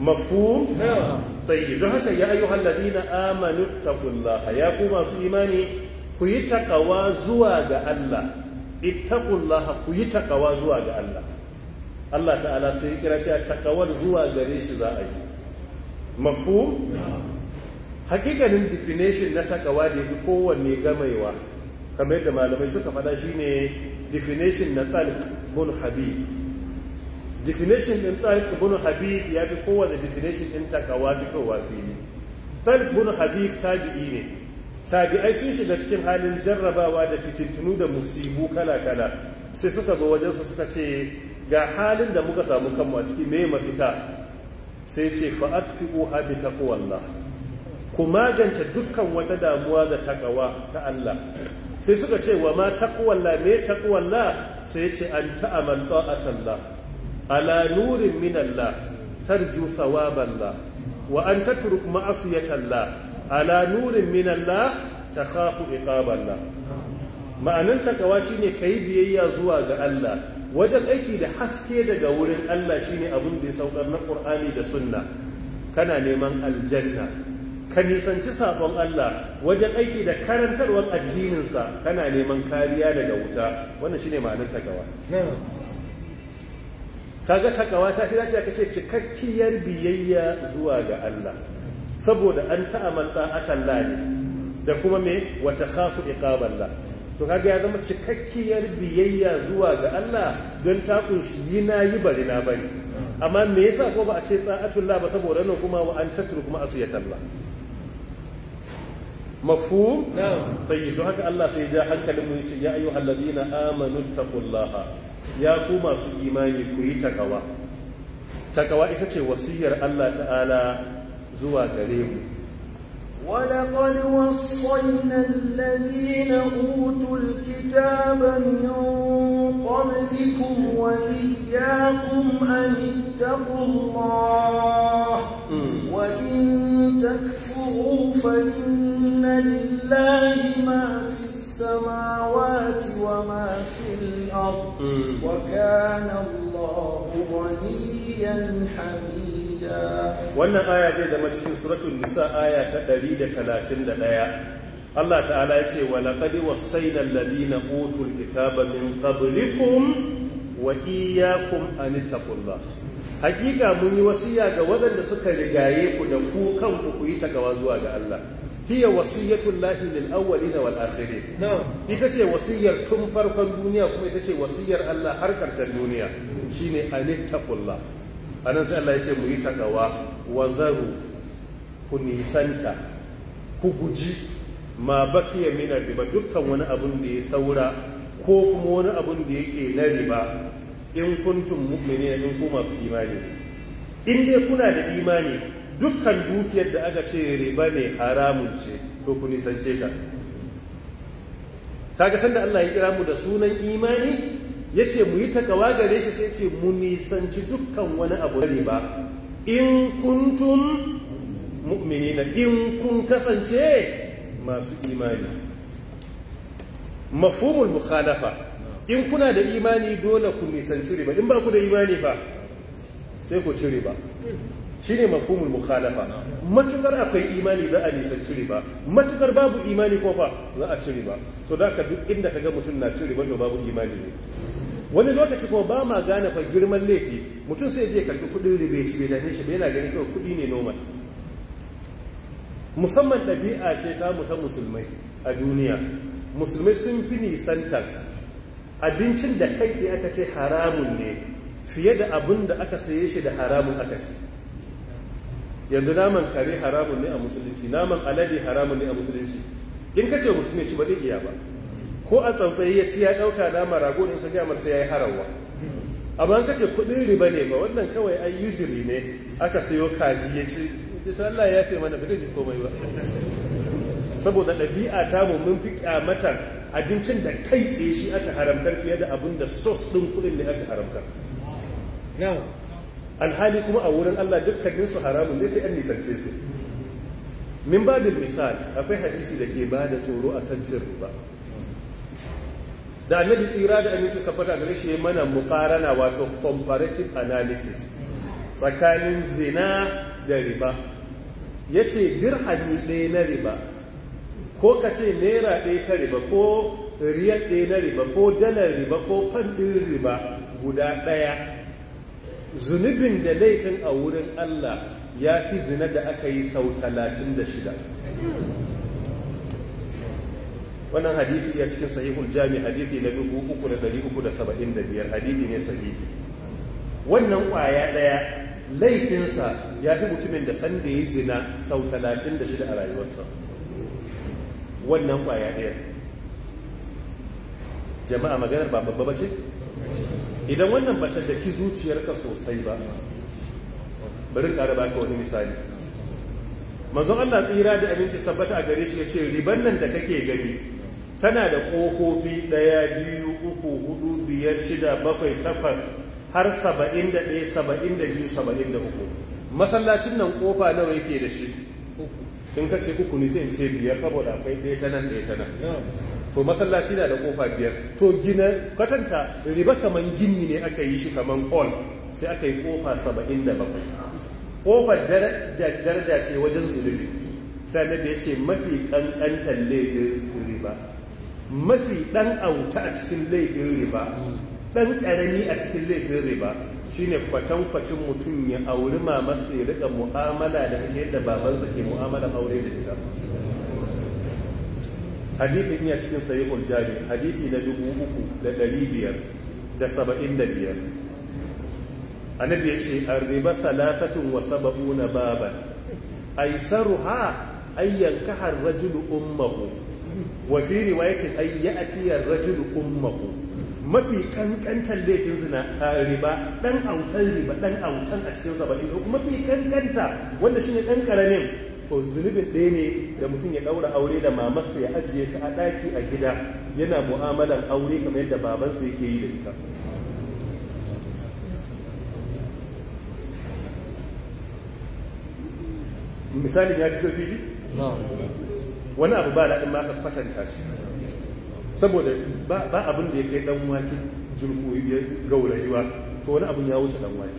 mafhum haka ya ayyuhal ladina amanu taqullaha ya masu imani ku yi takawa zuwa ga Allah ittaqullaha ku yi takawa zuwa ga Allah Allah ta'ala sai kira ta takawar zuwa gare shi za a yi mafhum hakikanin definition na takawa da yafi kowanne gamaiwa kamar yadda malamai suka faɗa shine definition na talib mun habib definition din Tariq bin Habib ya fi kowane definition din takawa fitowa fili Tariq bin Habib tabi'i ne tabi'ai sun shiga cikin halin jarrabawa da fitintunu da musibu kala kala sai suka zo wajen suka ce ga halin da muka samu kanmu a ciki me mafita sai ce fa atfiqu habi taqwallah ku magance dukkan wata damuwa da takawa ta Allah sai suka ce wa ma taqwallah me taqwallah sai ce an ta'amal ta'atallah ala nurin min Allah tarju thawaballah wa an tatruk ma'asiyatallah ala nurin min Allah takhafu iqaballah ma'anan takawa shine kai biyayya zuwa ga Allah wajen aiki da haske daga wurin Allah shine abin da ya saukar na Qur'ani da Sunna kana neman aljanna ka nisanci sabon Allah wajen aiki da karantarwar addininsa kana neman kariya daga wuta wannan shine ma'anar takawa kaga takawa ta fi ka kace cikakkiyar biyayya zuwa ga Allah saboda an ta'amal ta'atan lahi da kuma me wa takhafu iqaballah to kaga ya zama cikakkiyar biyayya zuwa ga Allah don ta kunshi yi na yi bari na bari amma me yasa ko ba a ce la ba saboda nan kuma wa an tatru kuma la mafhum na'am tayyib haka Allah sai ya ja hankalin mu ya ce ya na amanu taqullaha ya ku masu imani ku yi takawa takawa ita ce wasiyar Allah ta'ala zuwa gare mu ولقد وصينا
الذين أوتوا الكتاب من قبلكم وإياكم أن اتقوا الله وإن تكفروا فإن لله ما في السماوات وما في wannan
aya dai da macikin suratun nisa aya ta ɗari da talatin da ɗaya. allah Ta'ala ya ce wa laƙadi wa sai na lalli na otun hitaba min ƙabrikun wa iya kun ani takulla hakika mun yi wasiya ga waɗanda suka rigaye ku da ku kan ku ku yi takawa zuwa ga allah hiya wasiyatul lafi lil awwalina wal akhirin ita ce wasiyar tun farkon duniya kuma ita ce wasiyar Allah har karshen duniya shine a nan sai Allah ya ce mu yi takawa wa zaru ku nisanta ku guji ma bakiya min riba dukkan wani abun da ya saura ko kuma wani abun da yake na riba in kuntum mu'minina in ku masu imani in dai kuna da imani dukkan dukiyar da aka ce riba ne haramun ce to ku nisance ta kaga sanda Allah ya kira mu da sunan imani yace mu yi takawa gare shi sai ce mu nisanci dukkan wani abu na riba in kuntum mu'minina in kun kasance masu imani mafhumul mukhalafa in kuna da imani dole ku nisanci riba in ba ku da imani ba sai ku ci riba shine mafhumul mukhalafa matukar akwai imani za a cire ba matukar babu imani ko ba za a ci ba so da duk inda ka ga mutum na ci ba to babu imani ne wani lokaci kuma ba ma gane fa girman laifi mutum sai je karbi kudin ribe ci bai dace shi bai yana ganin kawai kudi ne normal musamman ɗabi'a ce ta mutan musulmai a duniya musulmai sun fi nisantar abincin da kai sai aka ce haramun ne fiye da abun da aka saye shi da haramun aka ce yanzu naman kare haramun ne a musulunci naman alade haramun ne a musulunci in ka ce musulmi ci ba zai iya ba ko a tsautsayi ya ci ya ɗauka nama rago ne ka gaya sai ya harawa amma ka ce kuɗin riba ne ba wannan kawai ai yujiri ne aka sayo kaji ya ci to Allah ya fi mana ba ji komai ba saboda ɗabi'a ta mu mun fi abincin da kai tsaye shi aka haramtar fiye da abin da sos ɗin kuɗin ne aka haramtar. alhali kuma a wurin Allah dukkanin su haramun ne sai an nisance su min babin misal akwai hadisi da ke ba da tsoro kan cin riba da annabi tsira da aminci sabbata gare shi mana muqarana wato comparative analysis tsakanin zina da riba yace dirhami ɗaya na riba ko ka ce naira ɗaya ta riba ko riyal ɗaya na riba ko dalar riba ko fan riba guda ɗaya zunubin da laifin a wurin Allah ya fi zina da aka yi sau talatin da shida wannan hadithi ya cikin sahihul jami hadithi na dubu uku da dari uku da saba'in da biyar hadithi ne sahihi wannan kwaya ɗaya laifinsa ya fi mutumin da sanda ya zina sau talatin da shida a rayuwarsa wannan kwaya ɗaya jama'a maganar ba babba ba ce idan wannan ba ta daki zuciyarka sosai ba bari ƙara baka wani misali manzon Allah tsira da abinci tabbata a gare shi ya ce riban nan da kake gani tana da ƙofofi daya biyu uku hudu biyar shida bakwai takwas har saba'in da ɗaya saba'in da biyu saba'in da uku masallacin nan kofa nawa yake da shi in ka ce uku sai in ce biyar saboda akwai ɗaya ta nan ɗaya ta nan to masallaci na da kofa biyar to gina katanta riba kaman gini ne aka yi shi kaman hall sai aka yi kofa saba'in da bakwai kofar daraja ce wajen zunubi sai na ya ce mafi ƙanƙantar laifin riba mafi ɗan auta a cikin laifin riba ɗan ƙarami a cikin laifin riba shine kwacin mutum ya auri mamarsa ya riƙa mu'amala da ita yadda babansa ke mu'amalar aure da ita hadithin ya cikin sayi uljari hadithi na dubu uku da ɗari biyar da saba'in da biyar annabi ya ce an riba salafatun wa na baban ha ayyan kahar rajulu ummahu wa fi riwayatin ayyatiyar rajulu ummahu mafi kankantar laifin zina riba dan autan riba dan autan a cikin saba'in ko mafi kankanta wanda shine dan karamin to zunubin ɗaya ne da mutum ya ɗaura aure da mamarsa ya ajiye ta a ɗaki a gida yana mu'amalan aure kamar yadda babansa yake yi da ita misalin ya fito fili wani abu ba daɗin maka ka kwatanta shi saboda ba abin da ya kai dan wake jirgu ya gaurayuwa to wani abin ya wuce dan wake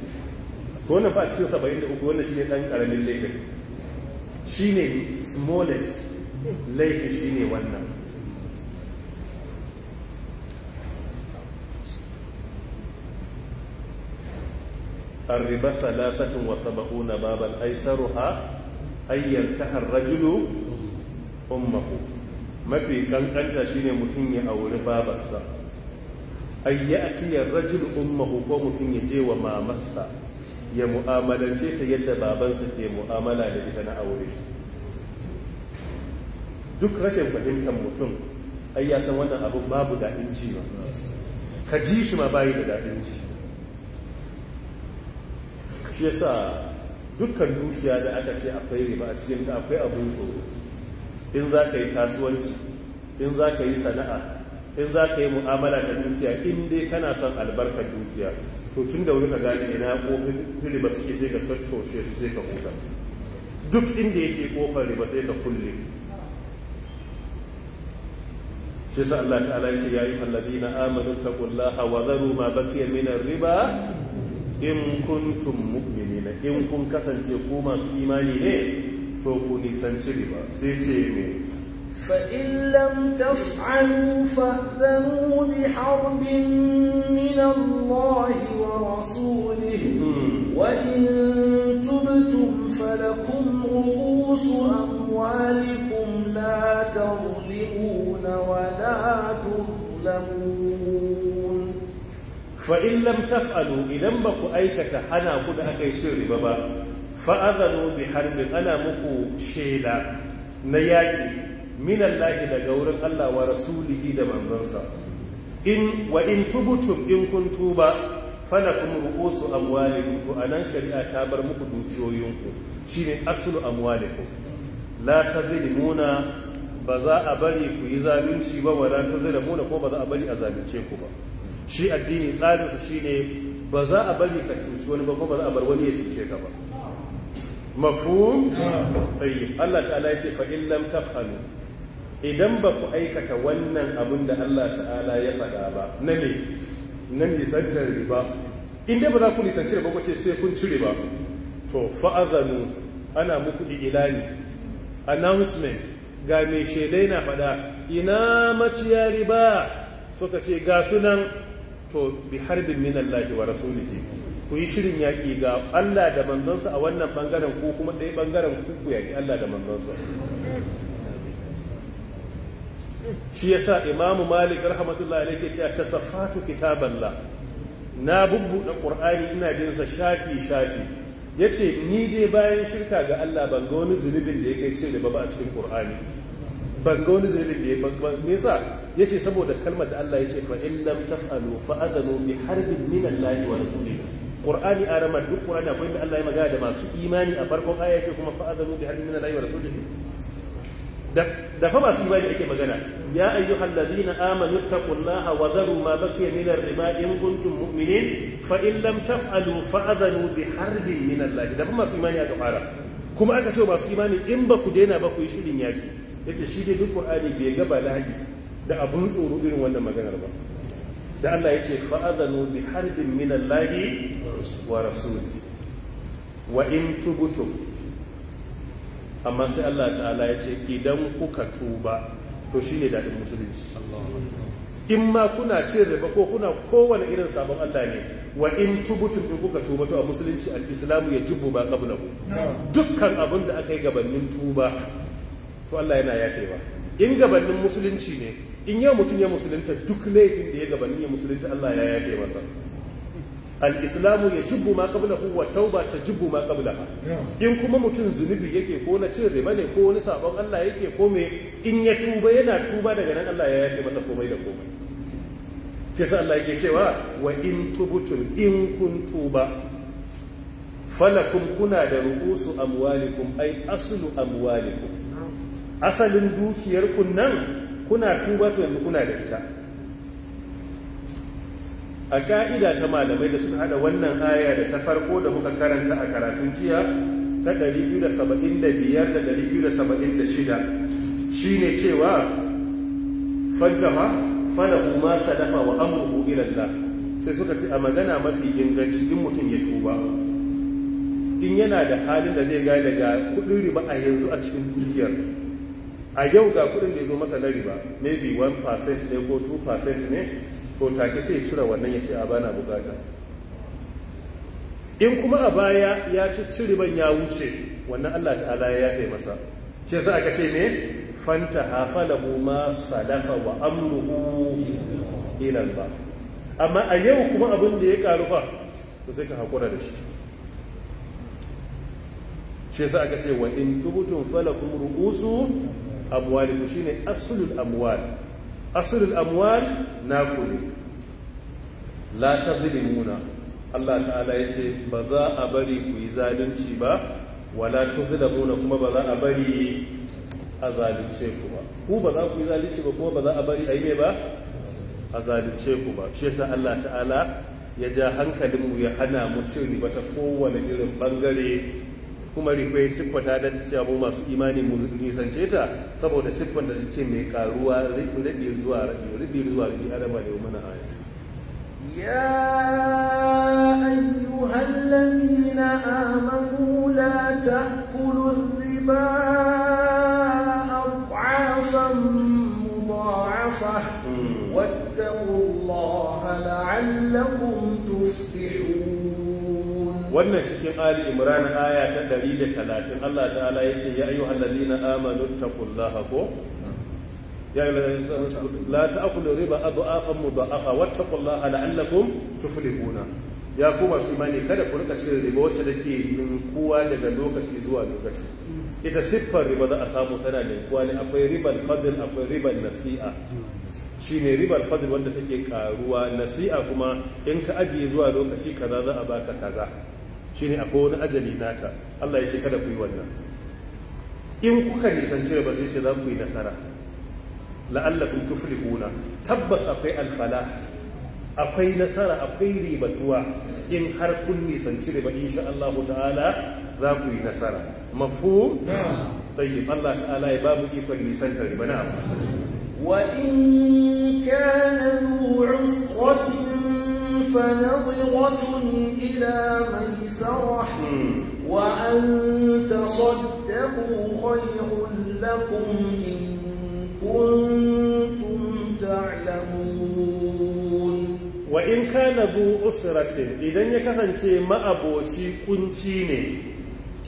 to wannan fa a cikin 73 wannan shine dan karamin laifin shine smallest laifin shine wannan الربا ثلاثة وسبعون بابا أيسرها أن ينكح الرجل أمه mafi kankanta shine mutum ya auri babarsa ay ya'ti ar-rajul ummahu ko mutum ya je wa mamarsa ya mu'amalance ta yadda babansa ke mu'amala da ita na aure duk rashin fahimtar mutum ai ya san wannan abu babu daɗin ji ba ka ji shi ma bayi da daɗin ji shi yasa dukkan dukiya da aka ce akwai riba a cikin ta akwai abun tsoro in za ka yi kasuwanci in za ka yi sana'a in za ka yi mu'amala ta dukiya in dai kana son albarkar dukiya to tun da wuri ka gane ina kofin riba suke sai ka tattoshe su sai ka huta duk inda yake kofar riba sai ka kulle shi sa Allah ta'ala ya ce ya yi na ta taqullaha hawa zaru ma baqiya minar riba in kuntum mu'minina in kun kasance ko masu imani ne to ku nisanci riba sai ce me فإن
لم تفعلوا فأذنوا بحرب من الله ورسوله وإن تبتم فلكم رؤوس أموالكم لا تظلمون ولا تظلمون
فإن لم تفعلوا إذا بكوا أيكة أنا كنت أكيد ربا fa'azanu bi harbin ana muku shela na yaƙi lahi daga wurin Allah wa rasulihi da manzansa in wa in tubutum in kun tuba falakum rukosu amwalikum to anan shari'a ta bar muku dukiyoyinku shine asulu amwalikum la tazlimuna ba za a bari ku yi zalunci ba wa ta zai muna ko ba za a bari a zalunce ku ba shi addini tsarinsa shine ba za a bari ka cuci wani ba ko ba za a bar wani ya cuce ka ba mafhum tayyib Allah ta'ala ya ce fa in lam taf'alu idan ba ku aikata wannan abin da Allah ta'ala ya faɗa ba na ne na nisantar riba in dai ba za ku nisanci riba ku ce sai kun ci riba to fa'azanu ana muku ilali. announcement ga mai shaidai na faɗa ina maciya riba suka ce ga sunan to bi harbin minallahi wa rasulihi ku yi shirin yaƙi ga Allah da manzonsa a wannan bangaren ko kuma ɗaya bangaren ku ku yaƙi Allah da manzonsa shi yasa imamu malik rahmatullahi alaihi ke cewa tasaffatu kitaballah na da qur'ani ina bin sa shafi shafi yace ni dai bayan shirka ga Allah ban ga wani zunubin da ya kai cire ba a cikin qur'ani ban ga wani zunubin da ya ban me yasa yace saboda kalmar da Allah yace fa in lam taf'alu fa adanu bi harbin min Allah wa qur'ani a ramar duk qur'ani akwai inda Allah ya magana da masu imani a farkon aya yake kuma fa'adhu bi hadin min Allah wa rasulihi da da fa masu imani ake magana ya ayyuhal ladina amanu taqullaha wa dharu ma baqiya min ar-riba in kuntum mu'minin fa in lam taf'alu fa'adhu bi harbin min Allah da fa masu imani aka fara kuma aka ce masu imani in ba ku daina ba ku yi shirin yaki yace shi dai duk qur'ani bai ga bala'i da abun tsoro irin wannan maganar ba da Allah ya ce fa'adhanu bi harbin minan lahi wa rasuli wa in tubuto amma sai Allah ta'ala ya ce idan kuka tuba to shi ne daɗin musulunci in ma kuna cin riba ko kuna kowane irin sabon Allah ne wa in tubutun in kuka tuba to a musulunci al ya tubu ba qabla ku dukkan abin da aka yi gabanin tuba to Allah yana yafewa in gabanin musulunci ne in yau mutum ya musulunta duk laifin da ya gabanin ya musulunta Allah ya yafe masa al-islamu ya jubbu ma qablahu wa tauba ta jubbu ma qabla. in kuma mutum zunubi yake ko na cin riba ne ko wani sabon Allah yake ko me in ya tuba yana tuba daga nan Allah ya yafe masa komai da komai shi sa Allah yake cewa wa in tubutum in kun tuba falakum kuna da ru'usu amwalikum ai aslu amwalikum asalin dukiyar kun nan kuna tuba to yanzu kuna da ita a ka'ida ta malamai da suka hada wannan aya da ta farko da muka karanta a karatun jiya ta 275 da 276 ne cewa fantaha falahu ma sadafa wa amruhu ila Allah sai suka ce a magana mafi inganci in mutum ya tuba in yana da halin da zai gane daga kudin riba a yanzu a cikin duniyar a yau ga kudin da ya zo masa na riba maybe 1% ne ko 2% ne to take sai cire wannan ya ce a bana bukata in kuma a baya ya ci ban ya wuce wannan Allah ta'ala ya yafe masa shi yasa aka ce ne fanta hafalahu ma sadafa wa amruhu ila ba amma a yau kuma abin da ya karu fa to sai ka hakura da shi shi yasa aka ce wa in tubtum falakum ru'usu amwalikum shine aslul amwal aslul amwal naku ne la tazlimuna Allah ta'ala ya ce ba za a bari ku yi zalunci ba wala tuzlamuna kuma ba za a bari a zalunce ku ba ku ba za ku yi zalunci ba kuma ba za a bari a yi mai ba a zalunce ku ba shi yasa Allah ta'ala ya ja hankalinmu ya hana mu cin riba ta kowane irin bangare kuma rikwai siffata da cewa mu masu imani mu nisance ta saboda siffanta ta ce mai karuwa rabi zuwa rabi rabi zuwa rabi araba da mana aya
ya ayyuhal ladina amanu la ta'kulu riba adhafan mudha'afa hmm. Allah la'allakum
wannan cikin ali imran aya ta 130 Allah ta'ala ya ce ya ayyuhal ladina amanu taqullaha ko ya la ta'kulu riba adhafan mudha'afa wattaqullaha la'allakum tuflihuna ya kuma su mani kada ku rika cin riba wacce take ninkuwa daga lokaci zuwa lokaci ita siffar riba za a samu tana ninkuwa ne akwai ribar fadl akwai ribar nasi'a Shi ne ribar fadl wanda take karuwa nasi'a kuma in ka ajiye zuwa lokaci kaza za a baka kaza shine akwai wani ajali nata Allah ya ce kada ku yi wannan in kuka nisanci ba zai ce za ku yi nasara la'allakum tuflihuna tabbas akwai alfala akwai nasara akwai ribatuwa in har kun nisanci riba insha Allah ta'ala za ku yi nasara mafhum tayyib Allah ta'ala ya babu ikon nisanta riba na'am
wa in kana ذو فنظرة إلى ميسرة وأن تصدقوا خير
لكم إن كنتم تعلمون وإن كان ذو ما كنتيني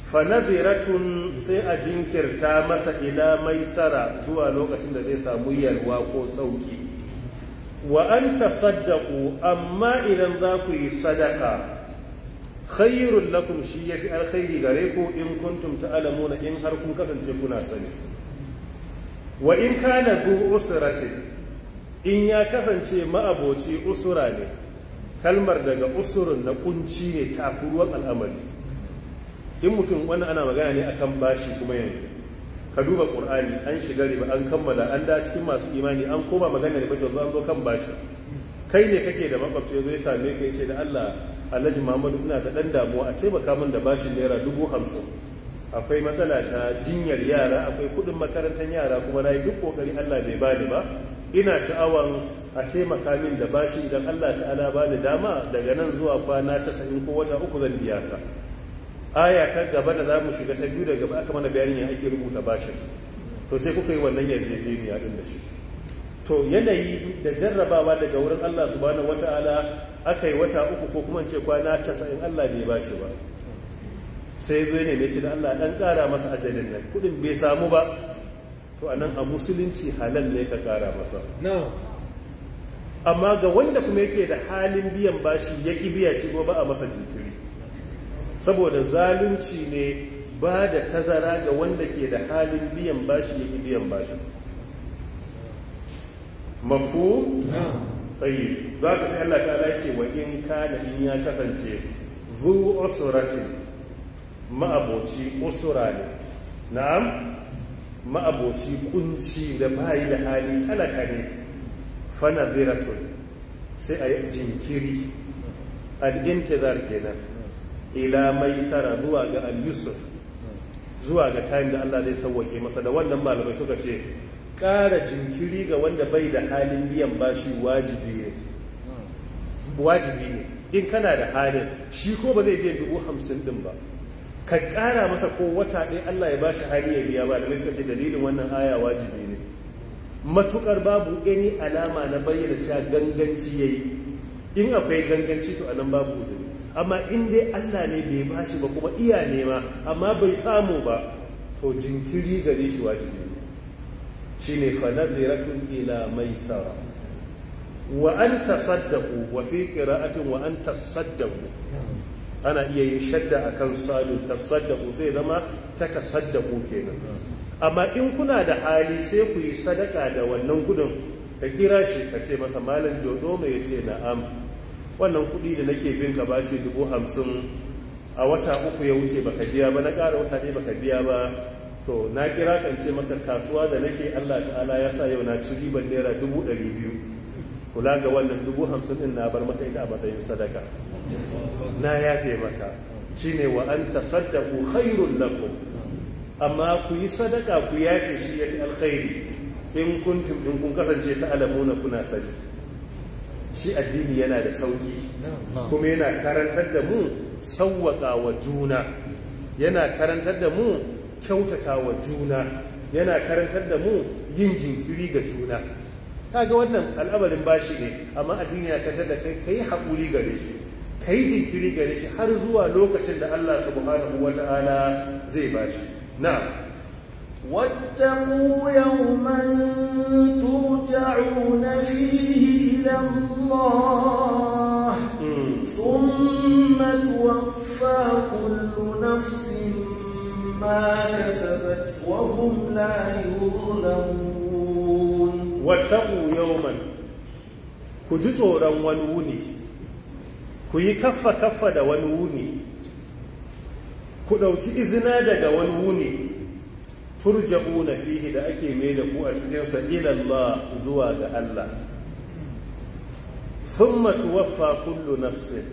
fanaziratun sai a jinkirta masa ila maisara zuwa lokacin da zai samu yalwa ko sauki wa an tasaddaqu amma idan za ku yi sadaka khairul lakum shi fi alkhairi gare ku in kuntum ta'lamuna in har kun kasance kuna sani wa in kana zu usratin in ya kasance ma'aboci usura ne kalmar daga usurun na kunci ne takuruwan al'amari in mutum wani ana magana ne akan bashi kuma yanzu ka duba ƙur'ani an shiga riba an kammala an da cikin masu imani an koma magana riba to an zo kan bashi kai ne kake da makwabci zai same ka ce da Allah Alhaji Muhammadu ina da ɗan damuwa a taimaka min da bashin naira dubu hamsin akwai matsala ta jinyar yara akwai kuɗin makarantar yara kuma na yi duk kokari Allah bai bani ba ina sha'awan a taimaka min da bashi idan Allah ta'ala bani dama daga nan zuwa kwana casa'in ko wata uku zan biya ka aya ta gaba da za mu shiga ta biyu da gaba aka mana bayanin ya ake rubuta bashin to sai kuka yi wannan yarjejeniya din da shi to yanayi da jarrabawa daga wurin Allah subhanahu wata'ala aka yi wata uku ko kuma ce kwana casa'in Allah bai bashi ba sai zo ne mai ce da Allah dan kara masa ajalin nan kudin bai samu ba to anan a musulunci halal ne ka kara masa amma ga wanda kuma yake da halin biyan bashi ya ki biya shi ba a masa jiki saboda zalunci ne ba da tazara ga wanda ke da halin biyan bashi ki biyan bashi mafu tayi za ka sai Allah ta ce wa in kana in ya kasance zu usratin ma'aboci usura ne na'am ma'aboci kunci da bayi da hali talaka ne fanaziratun sai a yi jinkiri al-intizar kenan ila mai maisara zuwa ga al Yusuf zuwa ga tayin da Allah zai sauwake masa da wannan malamai suka ce ƙara jinkiri ga wanda bai da halin biyan bashi wajibi ne wajibi ne in kana da halin shi ko ba zai biya dubu hamsin din ba ka ƙara masa ko wata ɗaya Allah ya bashi hali ya biya ba da mai suka ce dalilin wannan aya wajibi ne matukar babu any alama na bayyana cewa ganganci yayi in akwai ganganci to anan babu uzuri amma in dai Allah ne bai ba shi ba kuma iya nema amma bai samu ba to jinkiri gare shi wajibi ne shine fa nadhiratun ila maisara wa an tasaddaku, wa fi qira'atin wa an tasaddaku? ana iya yin shadda akan salu tasaddaku sai zama ta tasaddaku kenan amma in kuna da hali sai ku yi sadaka da wannan gudun ka kira shi ka ce masa malam jodo mai ya ce na'am wannan kuɗi da nake bin ka bashi dubu hamsin a wata uku ya wuce baka biya ba na ƙara wata ne baka biya ba to na kira kance maka kasuwa da nake Allah ta'ala ya sa yau na ci riban naira dubu ɗari biyu kula ga wannan dubu hamsin ɗin na bar maka ita a matsayin sadaka na yafe maka shine wa an tasaddaqu hairun lakum amma ku yi sadaka ku yafe shi yafi alkhairi in kuntum in kun kasance ta alamuna kuna sani shi addini yana da sauki kuma yana karantar da mu sauwaka wa juna yana karantar da mu kyautata wa juna yana karantar da mu yin jinkiri ga juna kaga wannan al'amarin bashi ne amma addini ya karantar da kai kai haƙuri gare shi kai jinkiri gare shi har zuwa lokacin da Allah subhanahu wata'ala zai bashi na'am
واتقوا يوما ترجعون فيه الله ثم توفى كل نفس ما كسبت وهم
لا يظلمون واتقوا ku yi kaffa-kaffa da wani wuni ku ɗauki izina daga wani wuni turjabu na fihi da ake mai da ku a cikinsa ilallah zuwa ga Allah thumma tuwaffa kullu nafsin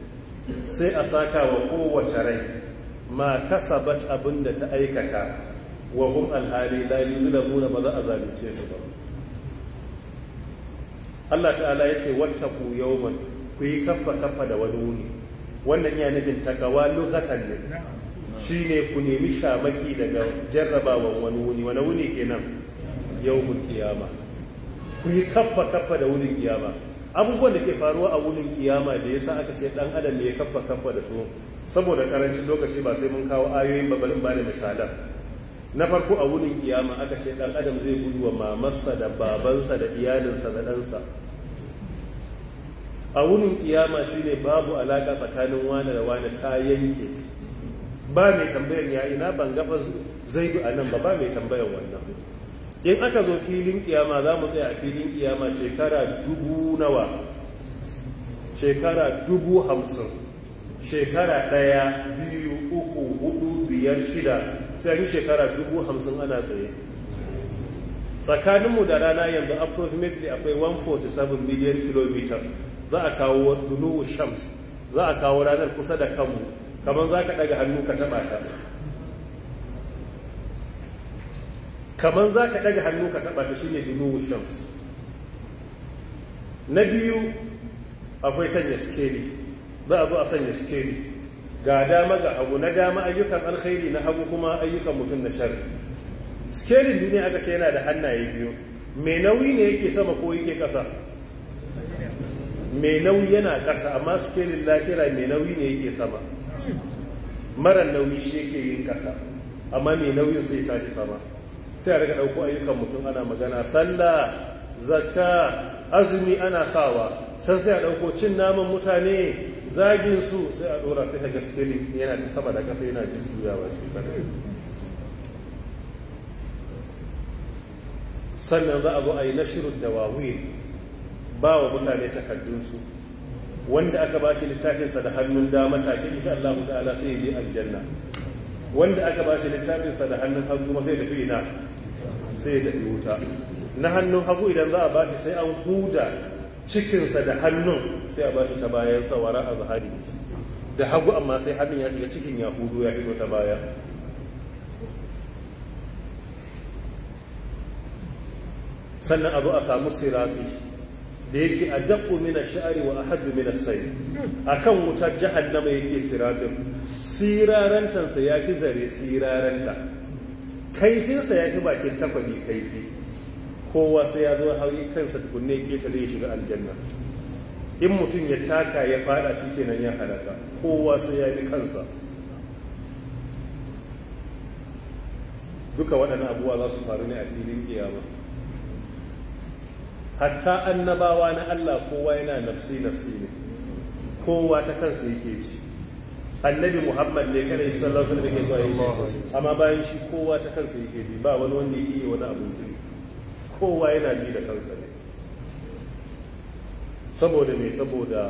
sai a saka wa kowace rai ma kasabat da ta aikata wa hum alhali zula yuzlamuna ba za a zalunce su ba Allah ta'ala ya ce wata yau yawman ku yi kaffa kaffa da wani wuni wannan ya nufin takawa lokatan ne shi ne ku nemi shamaki daga jarrabawan wani wuni wani wuni kenan mun kiyama ku yi kaffa kaffa da wuni kiyama abubuwan da ke faruwa a wurin kiyama da ya sa aka ce dan adam ya kafa kafa da su saboda karancin lokaci ba sai mun kawo ayoyin babalin ba da misalan na farko a wurin kiyama aka ce dan adam zai gudu wa mamarsa da babansa da iyalinsa da ɗansa a wurin kiyama shine babu alaka tsakanin wane da wane ta yanke ba mai tambayan ya ina ban gaba zaidu a nan ba ba mai tambayar wannan in aka zo filin kiyama za mu tsaya a filin kiyama shekara dubu nawa shekara dubu hamsin shekara ɗaya biyu uku hudu biyar shida sai yi shekara dubu hamsin ana tsaye tsakaninmu da rana yanzu approximately akwai 147 million kilometers za a kawo dunuwu shams za a kawo ranar kusa da kanmu kamar za ka ɗaga hannu ka taɓa ta kamar za ka ɗaga hannu ka taɓa ta shine dunuwu shams na biyu akwai sanya skeli za a zo a sanya skeli ga dama ga abu na dama ayyukan alkhairi na hagu kuma ayyukan mutum na shari sikerin duniya aka ce yana da hannaye biyu mai nauyi ne yake sama ko yake ƙasa mai nauyi yana ƙasa amma sikerin lafira mai nauyi ne yake sama mara nauyi shi yake yin ƙasa amma mai nauyin sai tashi sama sai a daga ɗauko ayyukan mutum ana magana sallah zakka azumi ana sawa can sai a ɗauko cin naman mutane zagin su sai a ɗora sai ta gaske yana ta sama da ƙasa yana jujjuyawa shi ba. sannan za a zo a yi da dawawin ba wa mutane takaddunsu wanda aka ba shi littafinsa da hannun dama take insha Allah ta'ala sai ya je aljanna wanda aka ba shi littafinsa da hannun hagu kuma sai tafi ina sai da tafi wuta na hannun hagu idan za a bashi sai an huda cikinsa da hannun sai a bashi ta bayan sawara a zahari da hagu amma sai hannun ya shiga cikin ya hudu ya fito ta baya sannan abu a samu sirafi da yake a daɓo mina sha'ari wa a haddu mina sai a kan wuta jahannama yake sirafin sirarantansa ya fi zare siraranta kaifinsa ya fi bakin takwabi kaifi kowa sai ya zo hau kansa tukunne ketare ya shiga aljanna in mutum ya taka ya fada shi kenan ya halaka kowa sai ya fi kansa duka waɗannan abubuwa za su faru ne a filin kiyama hatta annabawa na Allah kowa yana nafsi nafsi ne kowa ta kansa yake ci annabi muhammad ne kare shi sallallahu alaihi wasallam yake amma bayan shi kowa ta kansa yake ji ba wani wanda yake yi wani abu ji kowa yana ji da kansa ne saboda me saboda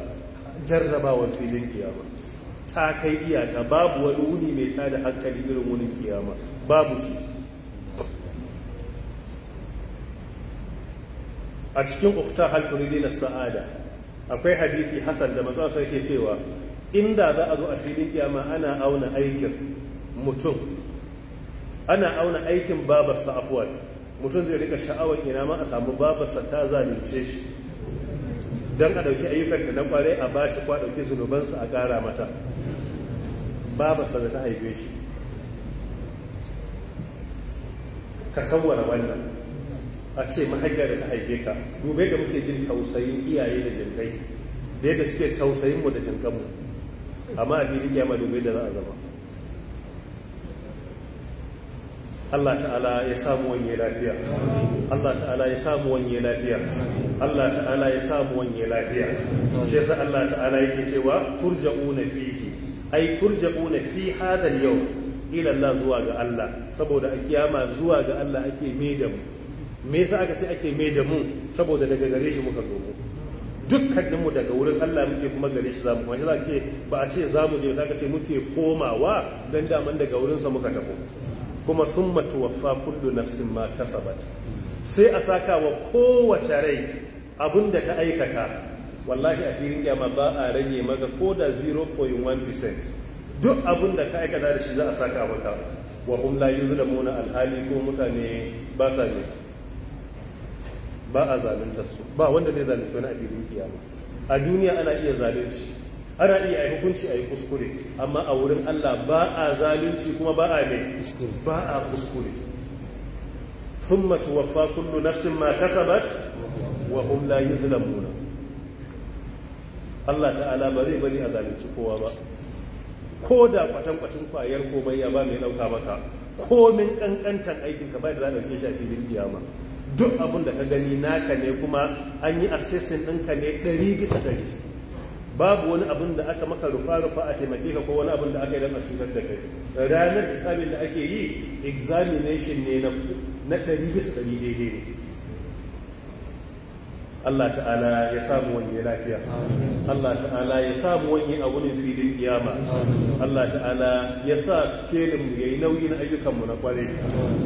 jarrabawar filin kiyama ta kai iyaka babu wani wuni mai da hankali irin wunin kiyama babu shi a cikin ukta hal turidina sa'ada akwai hadisi hasan da manzo sai yake cewa inda za a zo a filin kiyama ana auna aikin mutum ana auna aikin babarsa afuwar mutum zai rika sha'awar ina ma a samu babarsa ta zalunce shi don a ɗauki ayyukanta na kware a bashi kwa ɗauki zunubansa a ƙara mata babarsa da ta haife shi ka sanwara wannan a ce mahaifiyar da ta haife ka dubai da muke jin tausayin iyaye da jinkai da yadda suke tausayin mu da jinkanmu amma a fili kiyama domin da za a zama Allah ta'ala ya samu wanye lafiya Allah ta'ala ya samu wanye lafiya Allah ta'ala ya samu wanye lafiya shi yasa Allah ta'ala yake cewa turja'una fihi ai turja'una fi hadha yau, yawm ila Allah zuwa ga Allah saboda a kiyama zuwa ga Allah ake mai da mu me yasa aka ce ake mai da mu saboda daga gare shi muka zo mu dukkaninmu daga wurin Allah muke kuma gare shi zamu kuma za ke ba a ce za mu je sai ka ce muke komawa don daman daga wurin sa muka tafi kuma sun matuwa fa kullu nafsin ma kasabat sai a saka wa kowace rai da ta aikata wallahi a filin kiyama ba a rage maka ko da 0.1% duk da ka aikata da shi za a saka maka wa hum la yuzlamuna alhali ko mutane ba sa ne ba a zaluntar su ba wanda zai zalunci wani a filin kiyama a duniya ana iya zalunci ana iya a hukunci a yi kuskure amma a wurin Allah ba a zalunci kuma ba a ne ba a kuskure thumma tuwaffa kullu nafsin ma kasabat wa hum la yuzlamuna Allah ta'ala ba zai bari a zalunci kowa ba ko da kwatankwacin kwayar komai ya ba mai dauka maka komin ƙanƙantar aikin ka ba da za a bin shi a filin kiyama duk abin da ka gani naka ne kuma an yi assessing ɗinka ne ɗari bisa ɗari babu wani abin da aka maka rufa rufa a taimake ka ko wani abin da aka yi a cutar da kai ranar isamin da ake yi examination ne na ɗari bisa ɗari daidai ne Allah ta'ala ya samu wanye lafiya Allah ta'ala ya samu wanye a wurin filin kiyama Allah ta'ala ya sa sikelin mu yayi nauyi na ayyukan mu na kware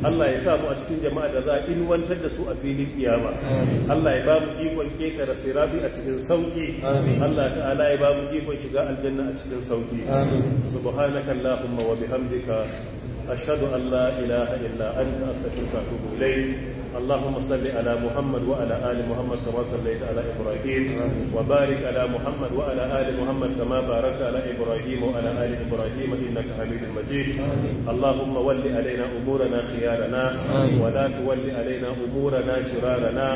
Allah ya sa mu a cikin jama'a da za a inuwantar da su a filin kiyama Allah ya ba mu ikon ketara sirabi a cikin sauki Allah ta'ala ya ba mu ikon shiga aljanna a cikin sauki subhanaka allahumma wa bihamdika ashhadu an la ilaha illa anta astaghfiruka wa atubu ilayk اللهم صل على محمد وعلى ال محمد كما صليت على ابراهيم وبارك على محمد وعلى ال محمد كما باركت على ابراهيم وعلى ال ابراهيم انك حميد مجيد اللهم ول علينا امورنا خيارنا ولا تول علينا امورنا شرارنا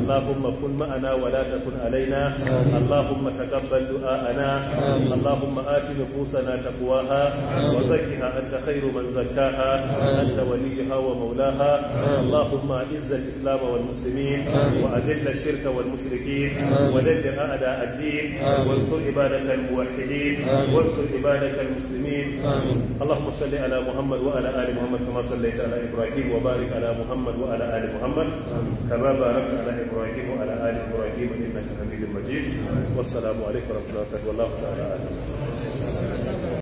اللهم كن معنا ولا تكن علينا اللهم تقبل دعاءنا اللهم ات نفوسنا تقواها وزكها انت خير من زكاها انت وليها ومولاها اللهم أعز الإسلام والمسلمين وأذل الشرك والمشركين ودمر أعداء الدين وانصر عبادك الموحدين وانصر عبادك المسلمين اللهم صل على محمد وعلى آل محمد كما صليت على إبراهيم وبارك على محمد وعلى آل محمد كما باركت على إبراهيم وعلى آل إبراهيم إنك حميد مجيد والسلام عليكم ورحمة الله وبركاته والله تعالى أعلم